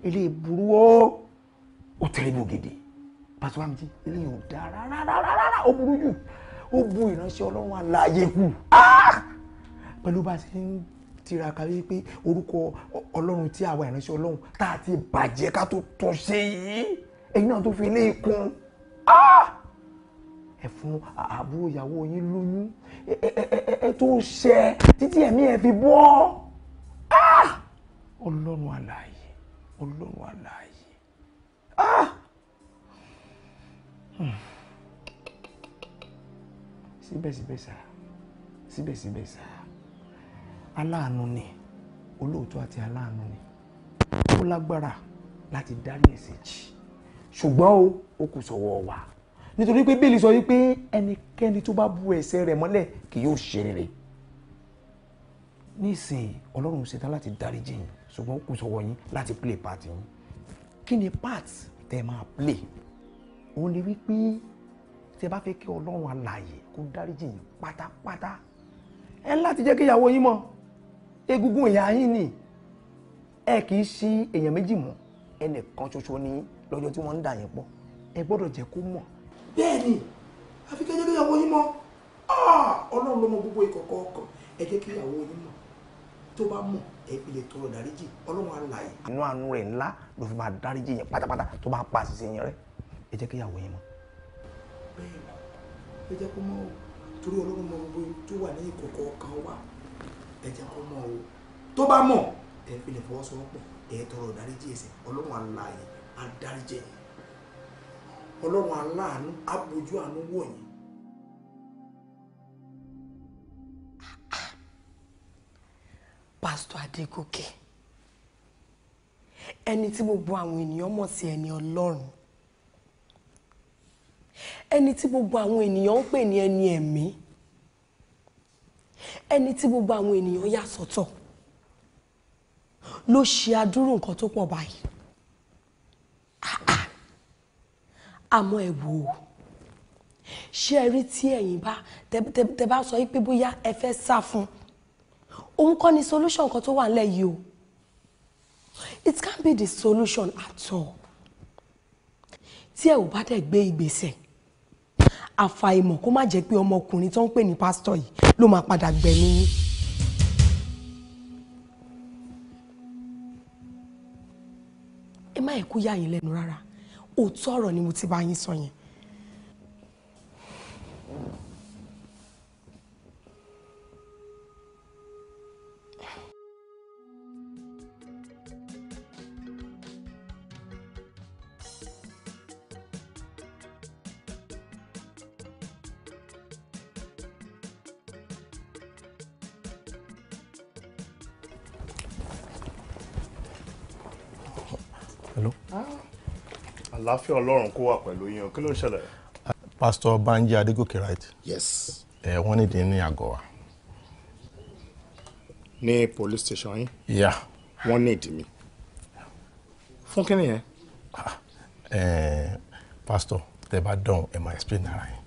eléyìí burú ó ó tẹ̀lébù gidi Pastor Bamiji eléyìí ò dáa rárá ó burú jù ó bu ìránṣẹ́ ọlọ́run àlàyé kù ah! pẹ̀lú bá a ṣe ń tiraka wípé orúkọ ọlọ́run tí àwa ìránṣẹ́ ọlọ́run tá a ti bàjẹ́ ká tó tún ṣe yìí ẹ̀yin náà tó fi ilé ikun e ah! ẹ fún àbúrò ìyàwó yín lóyún ẹ tó ṣẹ títí ẹ̀mí ẹ fi bọ́ ọlọ́run àlàyé ọlọ́run àlàyé ah hmm. síbẹ̀síbẹ̀ sá síbẹ̀síbẹ̀ sá aláàánú ni olóòótọ́ àti aláàánú ni ó lágbára láti dárí ẹ̀ṣẹ̀ jì ṣùgbọ́n o ó kù sọ̀wọ́ wa nítorí pé bẹ́ẹ̀lì sọ wípé ẹnikẹ́ni tó bá bu ẹ̀ṣẹ̀ rẹ̀ mọ́lẹ̀ kì yóò ṣe rere nísìnyí ọlọ́run ṣetán láti dáríjì yín ṣùgbọ́n ó kù sọ́wọ́ yín láti play part yín kí ni part tẹ́ máa play òun ni wípé tẹ́ bá fẹ́ kí ọlọ́run alààyè kó dáríjì yín pátápátá ẹ láti jẹ́ kí ìyàwó yín mọ̀ egungun ìyá yín ni ẹ kì í ṣe èèyàn méjì mọ́ ẹnìkan ṣoṣo ní lọ́jọ́ tí wọ́n ń dà yín pọ̀ ẹ gbọ́dọ̀ jẹ́ kó mọ̀. bẹ́ẹ̀ni àfi kẹjẹ kí ìyàwó yín mọ̀ ah! Ọlọ́run ló mọ̀ gbogbo ìkọ̀kọ̀ ọkàn ẹ jẹ́ kí ìyàwó yín mọ̀ tó bá mọ̀ ẹ fi lè tọrọ dáríjì ọlọ́run aláyè. inú àánú rẹ̀ ńlá ló fi máa dáríjì yẹn pátápátá tó bá pa àṣìṣe yẹn rẹ ẹ jẹ́ kíyàwó yẹn mọ̀. bẹ́ẹ̀ ẹ jẹ́ kó mọ̀ o torí ọlọ́run mọ gbogbo tó wà ní ìkọ̀kọ̀ kan wà ẹ jẹ́ kó mọ̀ o tó bá mọ̀ ẹ fi ẹ tọrọ dáríjì ẹ̀ṣẹ̀ ọlọ́run aláyè adáríjì yẹn ọlọ́run aláàánú abójú àánú wọ̀nyí Pastor Adégòkè ẹni tí gbogbo àwọn ènìyàn mọ̀ sí ẹni ọlọ́run ẹni tí gbogbo àwọn ènìyàn ń pè ní ẹni ẹ̀mí ẹni tí gbogbo àwọn ènìyàn yà sọ́tọ̀ ló ṣe adúrú nǹkan tó pọ̀ báyìí àmọ́ ẹ wò ó ṣé ẹ rí tí ẹ̀yin bá tẹ bá sọ pé bóyá ẹ fẹ́ sá fún un òun kọ́ ni solution kan tó wà nílẹ̀ yìí o it can't be the solution at all tí ẹ ò bá dẹ̀ gbé ìgbésẹ̀ àfàìmọ̀ kó má jẹ́ pé ọmọkùnrin tó ń pè ní pásítọ̀ yìí ló máa padà gbẹ̀mí ẹ má ẹ̀kú yà yín lẹ́nu rárá òótọ́ ọ̀rọ̀ ni mo ti bá yín sọ yẹn hello. àlàáfíà ọlọ́run kó wà pẹ̀lú yín o kí ló ń ṣẹlẹ̀. pastor banji adegoke right. yes. ẹ eh, wọ́n ní dín ní àgọ́ ní police station yín. ya. wọ́n ní ìdí mi. fún kí nìyẹn. Ah, eh, pastor tẹ bá dán ẹ máa explain ara yín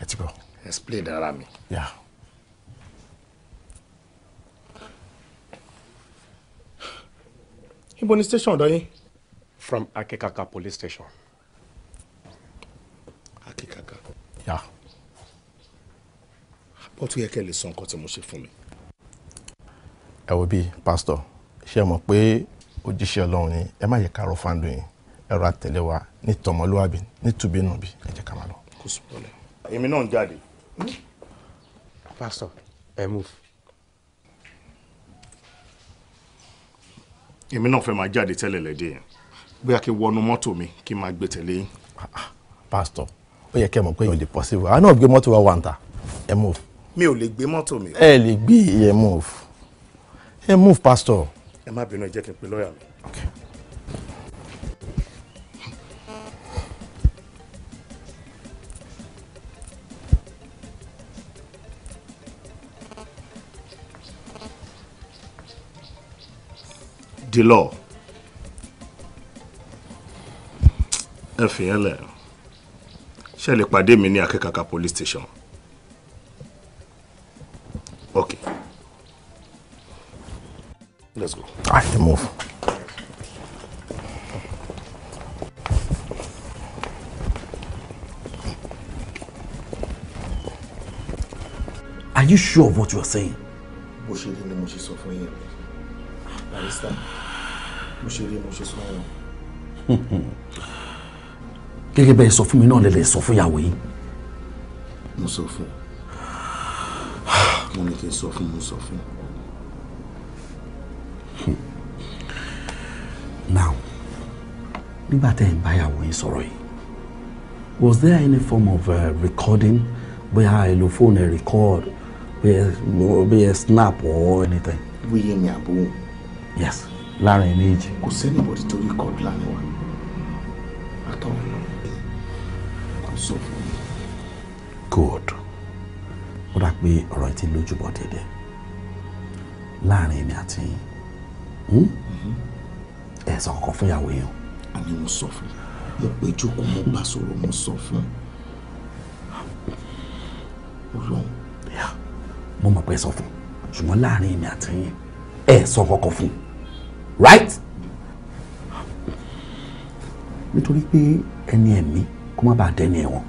ẹ ti gbọ́. explain ara mi. ya. Yeah. ibo ni station ọ̀dọ̀ yín
from Akekaka police station.
Akekaka? Yeah. Ó tún yẹ kẹ́ lè sọ nǹkan tí mo ṣe fún mi. Ẹ wo bí pásítọ̀ ṣe mọ̀ pé òjíṣẹ́ Ọlọ́run ni ẹ má yẹ ká rọ fáńdù yín ẹ̀rọ àtẹ̀lé wa ní tọmọlúwàbí ní tùbínúbí ẹ jẹ́ ká máa lọ. Kò sí pọ̀lẹ́. Èmi náà ń jáde. Hmm? Pásítọ̀ ẹ move. Èmi náà fẹ́ máa jáde tẹ́lẹ̀ lẹ́dí yẹn bóyá kí n wọnú mọ́tò mi kí n máa gbé tẹ̀lé yín. pásítọ̀ ó yẹ kẹ́ mọ̀ pé yóò lè possible àánú gbé mọ́tò wa wà ń ta ẹ move. mi ò lè gbé mọ́tò mi. ẹ lè gbé ẹ move ẹ move pásítọ̀. ẹ má bínú ẹ jẹ́ kí n pe lọ́ọ̀yà mi. okay. the law ẹ fi yẹn lẹ̀ ṣe lè pàdé mi ní akẹ́kàkà police station okay let's go. I have move. Are you sure of what you are saying? Bó ṣe rí ni mo ṣe sọ fún yín. Barrister, bó ṣe rí ni mo ṣe sọ fún yín. gẹ́gẹ́ bẹ́ẹ̀ sọ fún mi náà lẹ́lẹ̀ sọ fún ìyàwó yìí. mo sọ fún mo ní kí n sọ fún mo sọ fún. now nígbà tẹ́ ẹ̀ ń bá ìyàwó yìí sọ̀rọ̀ yìí was there any form of uh, recording bóyá ẹ lo fóònù ẹ record bóyá ẹ snap or anything. wíyé mi àbò. yes láàrin méjì. kò sẹ́ni bọ́dí tó record lánàá àtọ̀. pé ọ̀rọ̀ ti lójúbọ̀ dédé láàrin èmi àti yín hmm? ẹ sọ kọ̀ọ̀kan fún ìyàwó yẹn. àní mo sọ fún mo pé jókòó mo bá sọ̀rọ̀ mo sọ fún Ọlọ́run. mo mọ̀ pé sọ fún ṣùgbọ́n láàrin èmi àti yín ẹ sọ kọ̀ọ̀kan fún right. nítorí pé ẹni ẹ̀mí kó má bàa dẹ́ni ẹ̀wọ̀n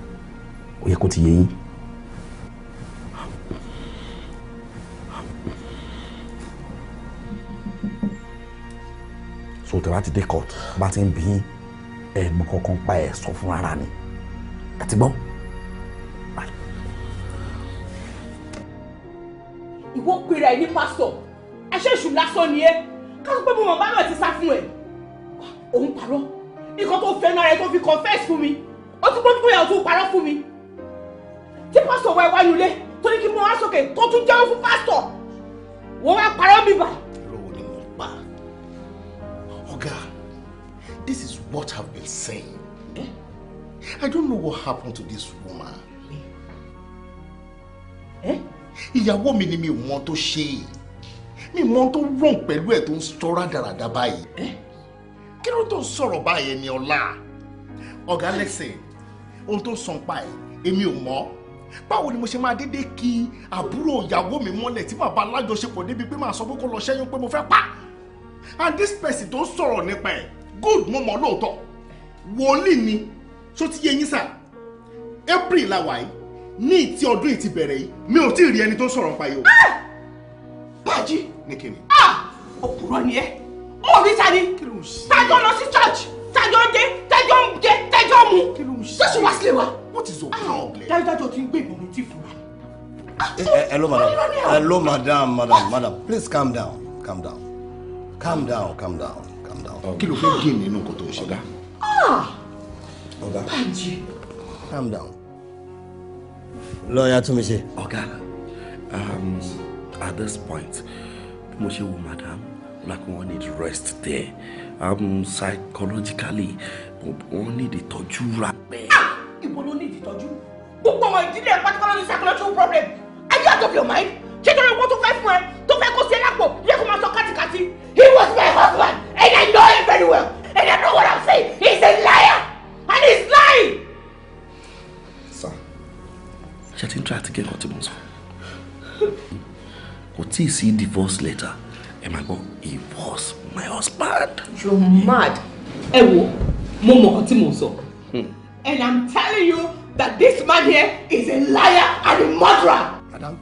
ó yẹ kó ti yé yín. tẹ̀ bá ti dé court bá ti ń bí ẹ̀mọ kankan pa ẹ̀ sọ fún ara ni ẹ ti gbọ́. ìwọ pèrè ẹ ní pásítọ̀ aṣẹ́ṣù lásán ni ẹ ká sọ pé mo mọ̀ bá náà ti sá fún ẹ òun parọ́ nǹkan tó fẹ́ náà rẹ tó fi confess fún mi ó tún gbọ́dọ̀ bóyá ó tún parọ́ fún mi tí pásítọ̀ wá ẹ wá nílé tó ní kí mo wá sókè tó tún jẹ́wọ́ fún pásítọ̀ wọ́n wá parọ́ mi báyìí. what I've been saying. Eh? I don't know what happened to this woman. Eh? Ìyàwó mi ni mi ò mọ tó ṣe é. Mi mọ tó wrong pẹ̀lú ẹ̀ tó ń sọ́ra dáradára báyìí. Eh? Kí ló tó ń sọ̀rọ̀ báyìí Oga ọ̀la? Ọ̀gá lẹ́sìn, ohun tó ń sọ pa ẹ̀, èmi ò mọ̀. Báwo ni mo ṣe máa dédé ki àbúrò ìyàwó mi mọ́lẹ̀ tí bàbá alájọṣepọ̀ débi pé màá sọ pé kó lọ ṣẹ́yún pé mo fẹ́ pa? And this person tó ń sọ̀rọ̀ nípa ẹ̀ good mo mọ̀ lóòótọ́ wòlíì ni ṣó ti yé yín sà april la wà yìí ní ìtí ọdún ìtì bẹ̀rẹ̀ yìí mi ò tí ì rí ẹni tó sọ̀rọ̀ nípa yìí o. Ah! báàjì ní kíni. Ah! òpùrọ̀ ni ẹ ó rí ta tájọ́ lọ sí church tájọ́ ń dé tájọ́ ń jẹ tájọ́ ń mu tẹ̀sùn wá sílé wa. what is your problem. Ah! dájúdájú ti ń gbé ìbọn mi tí fún wa.
Eh, eh, hello madam hello madam madam madam please calm down calm down calm down calm down kí ló fẹ́ gé nínú nǹkan tó ṣe. ọ̀gá ah! ọ̀gá calm down. lọ́ọ̀yà tún mi ṣe. ọ̀gá um,
at this point mo ṣe wo madam like wọ́n need rest there um, psychologically wọ́n need ìtọ́jú rápẹ́. Ah! ìwọ ló need ìtọ́jú gbogbo ọmọ ìdílé ẹ pátápátá ní psychological problem are you out of your mind ṣé torí owó tó fẹ́ fún ẹ tó fẹ́ kó sí ẹ lápò yẹ kó máa sọ kátikáti he was my husband and
I know very well. And you know what I'm saying? He's a liar! And he's lying!
Sir, ṣé ti try to get nǹkan tí mo see divorce letter. and máa gbọ́, he was my husband. You're mad. Ẹ wo, mo mọ̀ nǹkan And I'm telling you that this man here is a liar and a murderer.
Madam,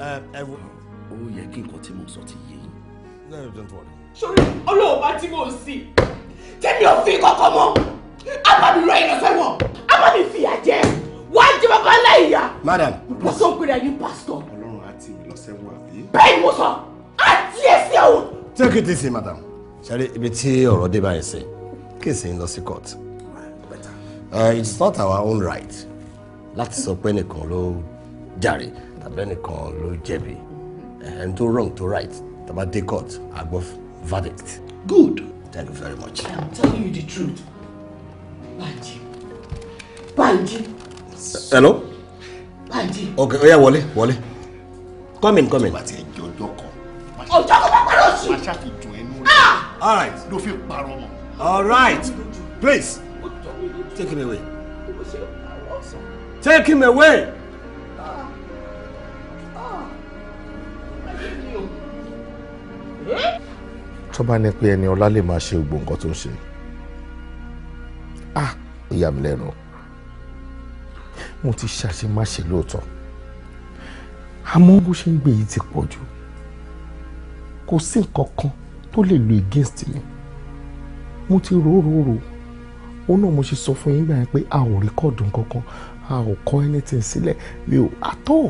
um, ẹ wo. Ó yẹ kí nǹkan tí No, don't worry sórí
ọlọ́run tí mò ń tẹ́mi ò fi kọ́kọ́ mọ́ abami rọ ìrọsẹ́ wọn abami fìyà jẹ wàá jẹ bàbá ńlá ìyá.
madam mo sọ
pé ẹni pásítọ̀.
ọlọ́run á tì mí lọ́sẹ̀ àbí.
bẹ́ẹ̀ mo sọ àti ẹsẹ̀ o.
take it easy madam ṣáré ibi tí ọ̀rọ̀ dé báyìí sí kéèsì ń lọ sí court uh, it is not our own right láti sọ pé ẹnìkan ló jàre tàbí ẹnìkan ló jẹ̀bi ẹni tó wrong tó right tàbá dé court àgbọ̀fọ̀ verdict. Good. Thank you very much. I'm
telling you the truth. Banji.
Banji. Hello? Banji. Okay, Oh yeah. wọlé, wọlé. Come in, come in. Bàtí ẹjọ́ ọjọ́ kan.
Ọjọ́ kan bá parọ́ sí. Màṣá fi dùn ẹnu rẹ̀. Ah! All right. Ló fi
All right. Please. Take him away. Take him away. Huh? Ah!
Ah!
tó bá ní pé ẹni ọlá lè máa ṣe gbogbo nǹkan tó ń ṣe ah ó yà mí lẹ́nu mo ti ṣàṣemáṣe lóòótọ́ àmọ́ bó ṣe ń gbé yìí ti pọ̀ jù kò sí nǹkan kan tó lè lo against mi mo ti rò rò rò òun náà mo ṣe sọ fún yín gbà yẹn pé a ò rékọ́dù kankan a ò kọ́ anything sílẹ̀ mi ò àtọ́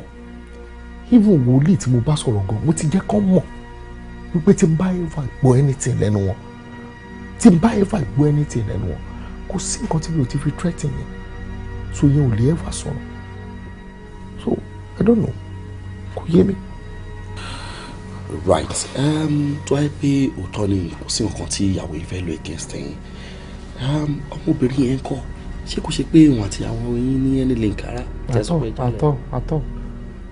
even wòlíì tí mo bá sọ̀rọ̀ gan mo ti jẹ́ kán mọ̀ wípé tí n bá ẹ̀fà gbọ́ anything lẹ́nu wọn tí n bá ẹ̀fà gbọ́ anything lẹ́nu wọn kò sí nǹkan tí mi ò ti fi threaten yẹn so yẹn ò lè ẹ̀fà sọ̀rọ̀ so I don't know kò yé mi. right um, tó wáyé pé òótọ́ ni kò sí nǹkan tí ìyàwó yìí fẹ́ lo against ẹ̀yin um, ọmọbìnrin yẹn kọ́ ṣé kò ṣe pé òun àti àwọn yín ní ẹni lè kára. àtọ àtọ àtọ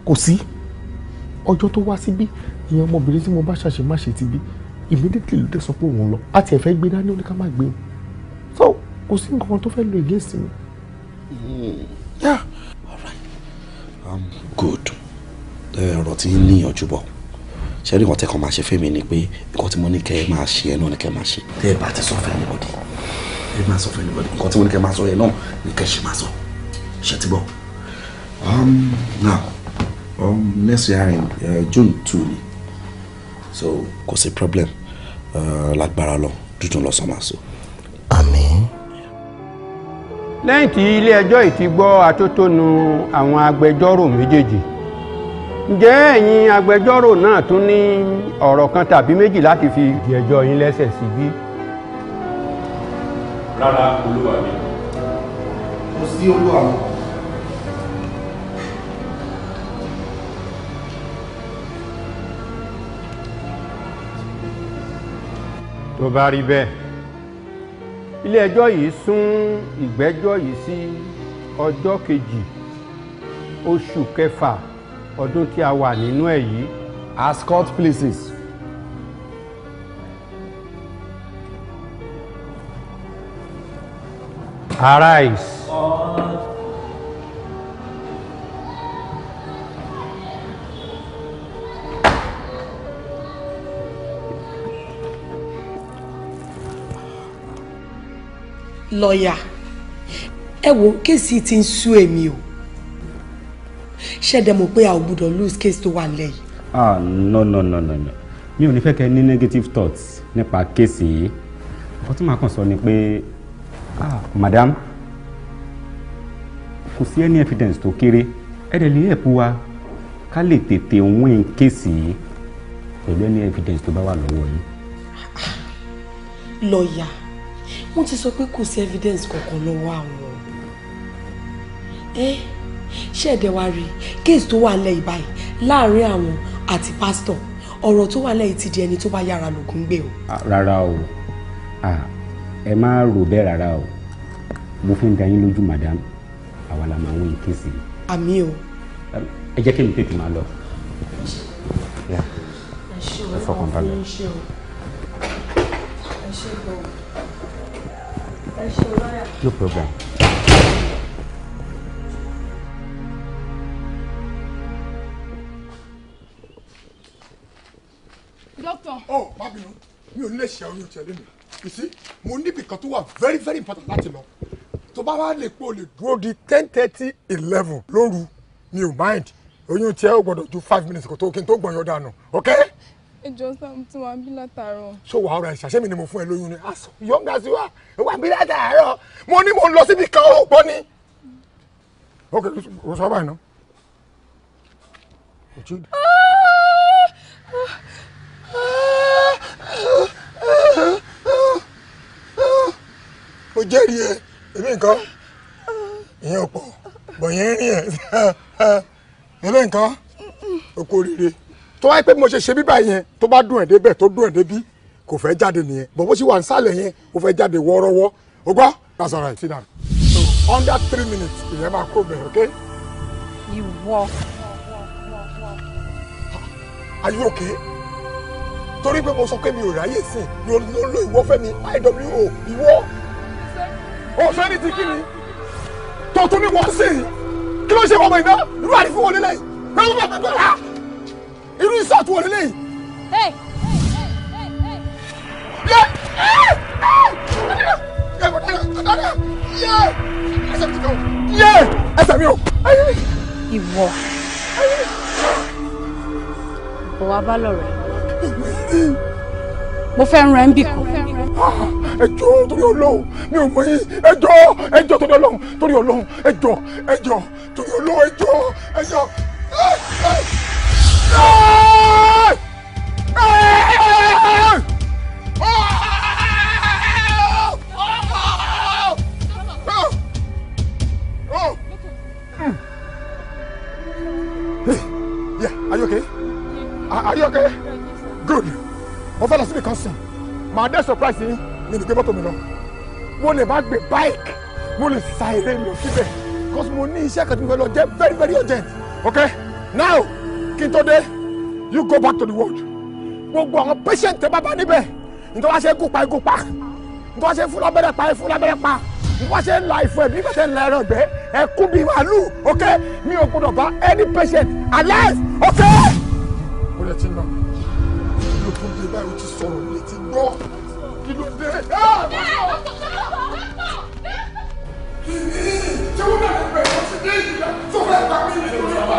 kò sí ọjọ́ tó wá síbí ìyẹn ọmọbìnrin tí mo bá ṣàṣe má ṣe ti bí immediately ló dé sọ pé òun lọ àti ẹ̀fẹ́ gbé dání ó má gbé so kò sí nǹkan tó fẹ́ lo against mi. Hmm. good ọ̀rọ̀ tí ń níyànjú bọ̀ ṣe rí nǹkan tẹ́kọ̀ọ́ máa ṣe fẹ́mi ni pé nǹkan tí mo ní kẹ́ ẹ máa ṣe ẹ náà ni kẹ́ máa ṣe tẹ́ ẹ bá ti sọ fẹ́ẹ́ níbọ̀dì ẹ máa sọ fẹ́ẹ́ níbọ̀dì nǹkan tí mo ní kẹ́ máa sọ ẹ náà ni kẹ́ ṣe máa sọ ṣe ti bọ̀. Um, now um, next year in uh, June two ni so kò sí problem uh, lágbára lọ dúdú lọ́sàn máa so. àmín.
lẹ́yìn tí ilé-ẹjọ́ yìí ti gbọ́ atótónu àwọn agbẹjọ́rò méjèèjì ǹjẹ́ ẹ̀yin agbẹjọ́rò náà tún ní ọ̀rọ̀ kan tàbí méjì láti fi ẹjọ́ yín lẹ́sẹ̀ sí bí? rárá olúwa mi. mo sí olúwa mi. tó bá rí bẹ́ẹ̀ ilé-ẹjọ́ yìí sún ìgbẹ́jọ́ yìí sí ọjọ́ kejì oṣù kẹfà ọdún tí a wà nínú ẹ̀ yìí. ascot places. arise.
Oh.
lọ́ọ̀yà ẹ wo kéèsì ti ń sú èmi o ṣẹ́dẹ̀ mọ̀ pé a ò gbúdọ̀ lose case tó wà nílẹ̀ yìí. ah no no no no no mi ò ní fẹ́ ní negative thoughts nípa kéèsì yìí nǹkan tí màá kàn sọ ni pé ah madam kò sí any evidence tó kéré ẹ̀dẹ̀ lè help wa ká lè tètè win
kéèsì yìí pẹ̀lú any evidence tó bá wà lọ́wọ́ yìí.
lọ́ọ̀yà wọ́n ti sọ pé kò sí evidence kankan lọ́wọ́ àwọn ṣẹ̀dẹ̀ wa rí case tó wà lẹ̀ ìbáyìí láàrin àwọn àti pásítọ̀ ọ̀rọ̀ tó wà lẹ́yìn ti di ẹni tó bá yára lògùn gbé o. Ah, rárá o
ah, ẹ má rò bẹ́ẹ̀ rárá o mo fi ń da yín lójú madam àwa la máa ń wọ̀nyí kéésì. àmì o. ẹ jẹ́ kí n tètè máa lọ.
ẹ fọkàn balẹ̀. ẹ ṣe gan-an. No problem.
Doctor. Oh, Babino, mi ò ní lè ṣe You see, mo níbi kan tó very very important láti lọ. Tó bá wá lè pé o lè di ten thirty eleven lóru, mi ò mind. Oyún tiẹ̀ ò gbọ́dọ̀ ju five minutes kó tó kí n tó gbọ̀nyàn dànù, okay?
ẹjọ sam tí wàá bí látàárọ̀.
ṣó wàá ọ̀rọ̀ ìṣàṣẹ mi ni mo fún ẹ lóyún ni aṣọ yọǹgà sí wa wàá bí látàárọ̀ mo ní mo lọ síbi kan ó gbọ́ ni. ok o sọ báyìí ná. ojú.
mo jẹ́rìí ẹ èmi nǹkan ìyẹn
ò pọ̀ bọ̀yẹn rìn ẹ̀ èmi nǹkan okòrìrè tó wáyé pé mo ṣe ṣe bíbá yẹn tó bá dùn ẹ̀ débẹ̀ tó dùn ẹ̀ débí kò fẹ́ jáde nìyẹn bọ̀ bó ṣe wà nísàlẹ̀ yẹn ó fẹ́ jáde wọ́ọ́rọ́wọ́ o gbọ́ that's alright sit down so under three minutes ìyẹn máa kó bẹ̀rẹ̀ ok. ìwọ. are you okay? torí pé mo sọ pé mi ò ráyè sìn ló ló lo ìwọ fẹ́ mi iwo ìwọ o fẹ́ ní ti kí ni tó tún ní wọ́n sìn kí ló ṣe wọ́n mọ̀ iná irú àdìfún wọlé lẹ́yìn irú iṣẹ́ àti wọlé lẹ́yìn.
ẹsẹ̀ mi o. ìwọ
ìbò wa bá lọ̀rẹ́ mo fẹ́ ran ẹ́ ń bì kan.
ẹjọ́ torí Ọlọ́run mi ò mọ yín ẹjọ́ ẹjọ́ torí Ọlọ́run torí Ọlọ́run ẹjọ́
ẹjọ́ torí Ọlọ́run ẹjọ́ ẹjọ́
surprise yín ni ní pé mọ́tò mi lọ. mo lè má gbé bike mo lè sa eré mi ò síbẹ̀ because mo ní iṣẹ́ kan tí mo fẹ́ lọ jẹ́ very very urgent okay now kí n tó dé you go back to the ward gbogbo àwọn patient tẹ bàbá níbẹ̀ nítorí wá ṣe é kópa ikú pa nítorí wá ṣe é fún lábẹ́rẹ́ pa é fún lábẹ́rẹ́ pa nítorí wá ṣe é la ìfọ ẹ̀mí ìfẹsẹ̀ ńlá ẹran ìgbẹ́ ẹ̀kú bíi màálù ok mi ò gbọdọ̀ bá any patient alive ok. ó lè ti nà kí ló tún dé báyìí ó ti sọ̀rọ̀ ó ti gbọ́ kí ló dé.
Ah! kí ni ìjẹ́wọ́ náà bẹ̀rẹ̀ wọ́n ti dé ìlú tó fẹ́ pa mí nínú ìjọba.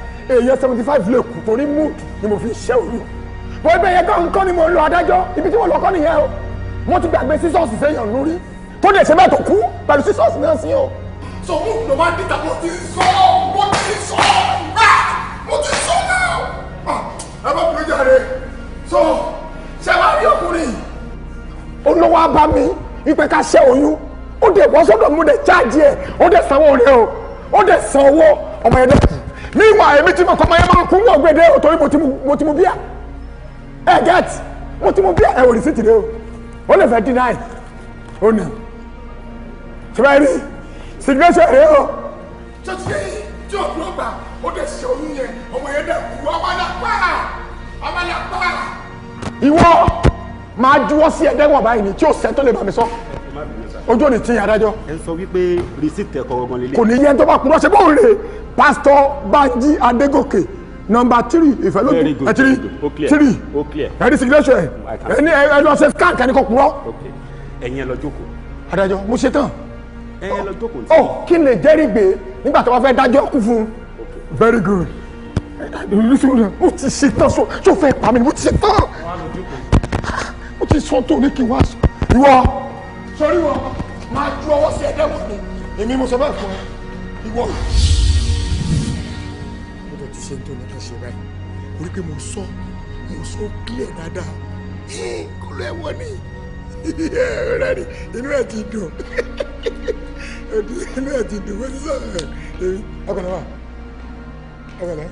èèyàn seventy five lè kù torí mood ni mo fi ṣẹ́ òru bọ́ ibẹ̀ yẹn kàn kọ́ ni mo lọ adájọ́ ibi tí mo lọ kọ́ nìyẹn o wọ́n ti gbàgbé sísọ́ọ̀sì séèyàn lórí tó dẹ̀ ṣe bẹ́ẹ̀ tó kú pẹ̀lú sísọ́ọ̀sì náà sí o. sọ mú ló máa dìtà mo ti sọ mo ti sọ mo ti sọ náà ah, ẹ bá kúrò jáde sọ ṣe wá rí ọkùnrin. olówó abá mi ipe ká ṣe oyún ó dẹ̀ wọ́n sọ́dọ̀ mú dẹ̀ cháàjì ẹ̀ ó dẹ̀ sanwó rẹ̀ o ó dẹ̀ san owó ọmọ ẹ̀dẹ́kù meanwhile èmi ti mọ̀ kọ́ mayẹ́ máa kú wọ̀ gbẹ̀dẹ̀ òtòrí mo ti mu bíà ẹ get mo ti mu bíà ẹ wò ní sítìrẹ́ o ó lè fẹ́ deny ó nà ṣùgbọ́n ẹni situation rẹ o. ṣèṣe tí o dúró gbà ó lè ṣe oyún yẹn ọmọ yẹn dẹ kú ọmọ náà pa ọmọ náà pa. ìwọ máa juwọ́ sí ẹ̀dẹ́gbọ̀n báyìí ni tí o sẹ́ tó lè bá mi sọ ojú òní tí adájọ́. ẹ sọ wípé rìsíìtì ẹ̀kọ́ ọgbọ̀n lélẹ̀. kò ní yẹn tó bá kúrọ́ ṣe bóun rè pásítọ̀ Bánjí Adégòkè nọmba tírì ìfẹ́lógún ẹ tírì ẹni sìgílẹ́sọ̀ ẹ ẹni ẹ lọ ṣe scan kúrọ́. ẹ̀yin ẹ jókòó. adájọ́ mo ṣe tán. ẹ̀yin ẹ jókòó. ọ oh, kí n jẹ́rìí gbé nígbà tó bá fẹ́ dájọ́ kú fún very good. mo ti ṣe tán so fẹ́ pa mo ti ṣe tán mo ti sọ tó ní kí wá sọ ìwọ torí wọn máa ju ọwọ́ sí ẹ̀dẹ́wọ̀n ni èmi mo sọ bẹ́ẹ̀ fún ẹ ìwọ. mo lè ti ṣe ní tó ní kí n ṣe báyìí orí pé mo sọ mo sọ clear dáadáa kó lọ ẹ̀wọ̀n ni ọ̀rẹ́ rẹ̀ inú ẹ̀ ti dùn inú ẹ̀ ti dùn wọ́n ti sọ èmi ọkàn náà wà ọkàn náà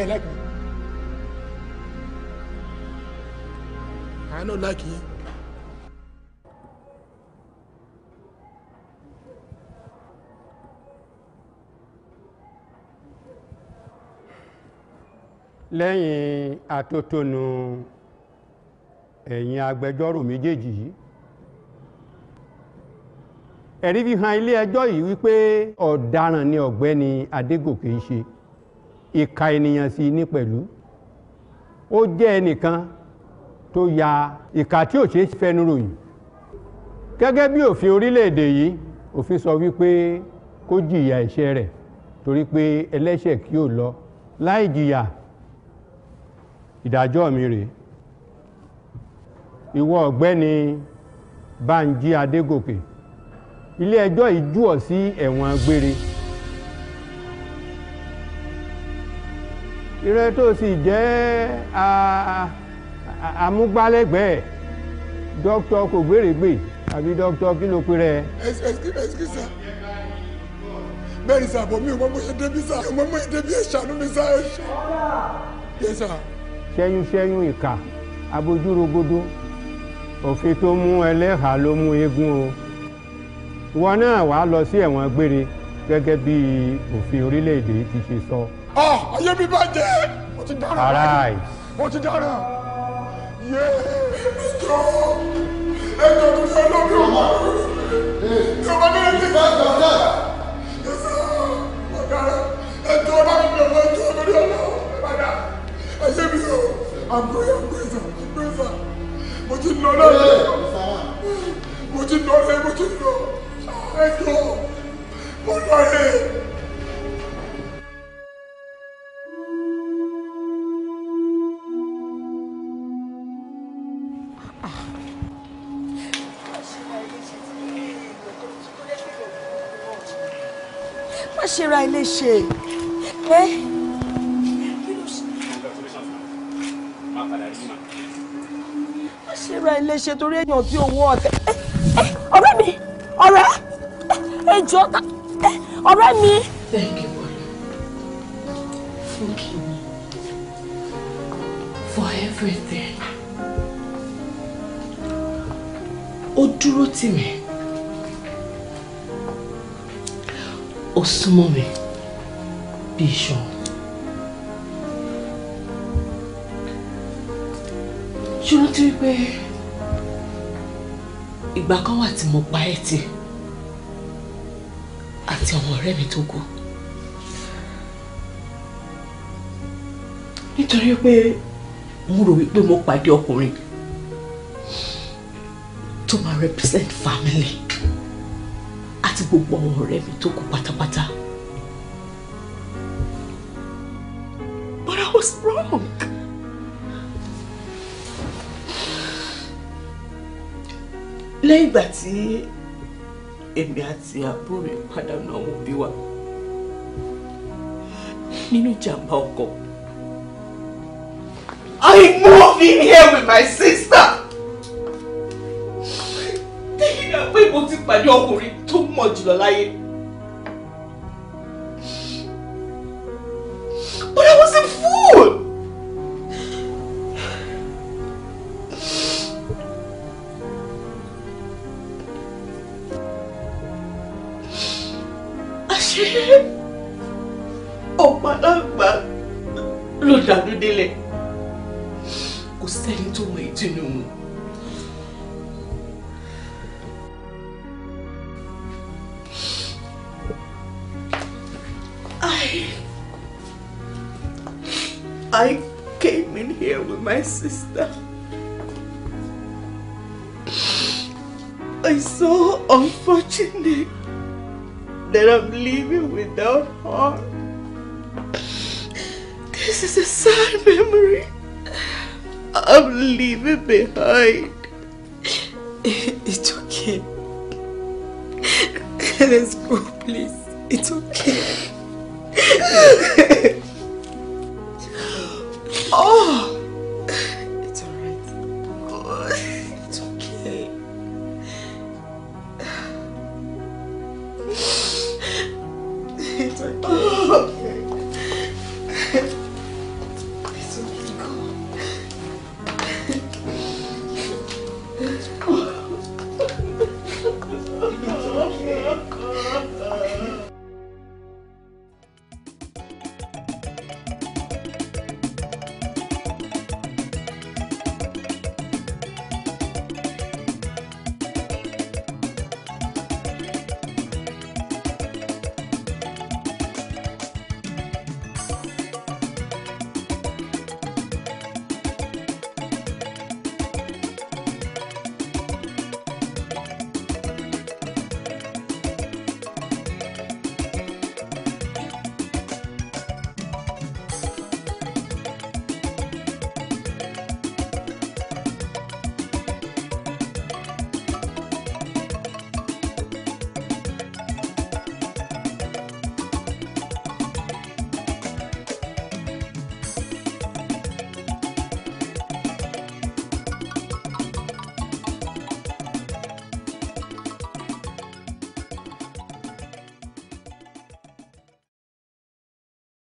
ẹ̀ láìpẹ́ àánú láìpẹ́.
lẹ́yìn àtótónu ẹ̀yìn agbẹjọ́rò méjèèjì yìí ẹ̀rí fi hàn ilé ẹjọ́ yìí wípé ọ̀daràn ni ọ̀gbẹ́ni Adégòkè ń ṣe ìka ènìyàn sí ní pẹ̀lú ó jẹ́ ẹnìkan tó ya ìka tí ò ṣe é fẹnu ròyìn gẹ́gẹ́ bí òfin orílẹ̀-èdè yìí òfin sọ wípé kó jìyà ẹ̀ṣẹ̀ rẹ̀ torí pé ẹlẹ́ṣẹ̀ kì yóò lọ láì jìyà ìdájọ́ mi rèé ìwọ ọ̀gbẹ́ni Bánjí Adégòkè ilé ẹjọ́ yìí jù ọ́ sí ẹ̀wọ̀n gbére ìrẹ́ tó sì jẹ́ amúgbálẹ́gbẹ̀ẹ́ dókítà kò gbèrègbè àbí dókítà kí ló pe rẹ.
bẹ́ẹ̀ ni sábọ̀ mi ò mọ̀ mọ̀ ṣe débi sá ò mọ̀ mọ̀ ṣe débi ẹ̀ ṣàánú mi sá ẹ̀ ṣàánú
ṣẹ́yúnṣẹ́yún ìkà abojúrogodo òfin tó mú ẹlẹ́hà ló mú eégún o wọn náà wàá lọ sí ẹ̀wọ̀n gbére gẹ́gẹ́ bí òfin orílẹ̀-èdè ti ṣe sọ. ọ ah, ayé
mi bá jẹ mo ti dára báyìí mo ti dára yé tó ẹjọ́ tó fẹ́ lórí ọmọ tí ọmọ náà ti bá jọ náà ẹsẹ̀ ọ̀daràn ẹjọ́ bá mi lọ ẹjọ́ lórí ọmọ padà ayé mi. I'm going, I'm going, sir. No, sir. Mo ti lọ náà. Mo ti lọ rẹ̀, mo ti lọ. Ẹ jọ, mo lọ rẹ̀.
má ṣe ra ilé ṣe ẹ́. ṣe ra ilé ṣe torí èèyàn tí owó ọ̀tẹ̀. ọ̀rẹ́ mi ọ̀rẹ́ ẹjọ́
ọ̀rẹ́ mi. thank you Bola fún kìíní for everything
ó dúró tì mí ó súnmọ́ mi bí iṣan.
ṣùgbọ́n tí wípé
ìgbà kan wà tí mo pa ẹ́ tì àti ọmọ ọ̀rẹ́ mi tó kú nítorí pé mo rò wípé mo pàdé ọkùnrin tó máa represent family àti gbogbo àwọn ọ̀rẹ́ mi tó kú pátápátá
but I was wrong.
lẹ́yìn ìgbà tí èmi àti àbúrò mi pàdánù àwọn òbí wa nínú ìjàmbá ọkọ̀. I moved in here with my sister. Tẹ́yìn náà pé mo ti pàdé ọkùnrin tó mọ̀ jùlọ láyé.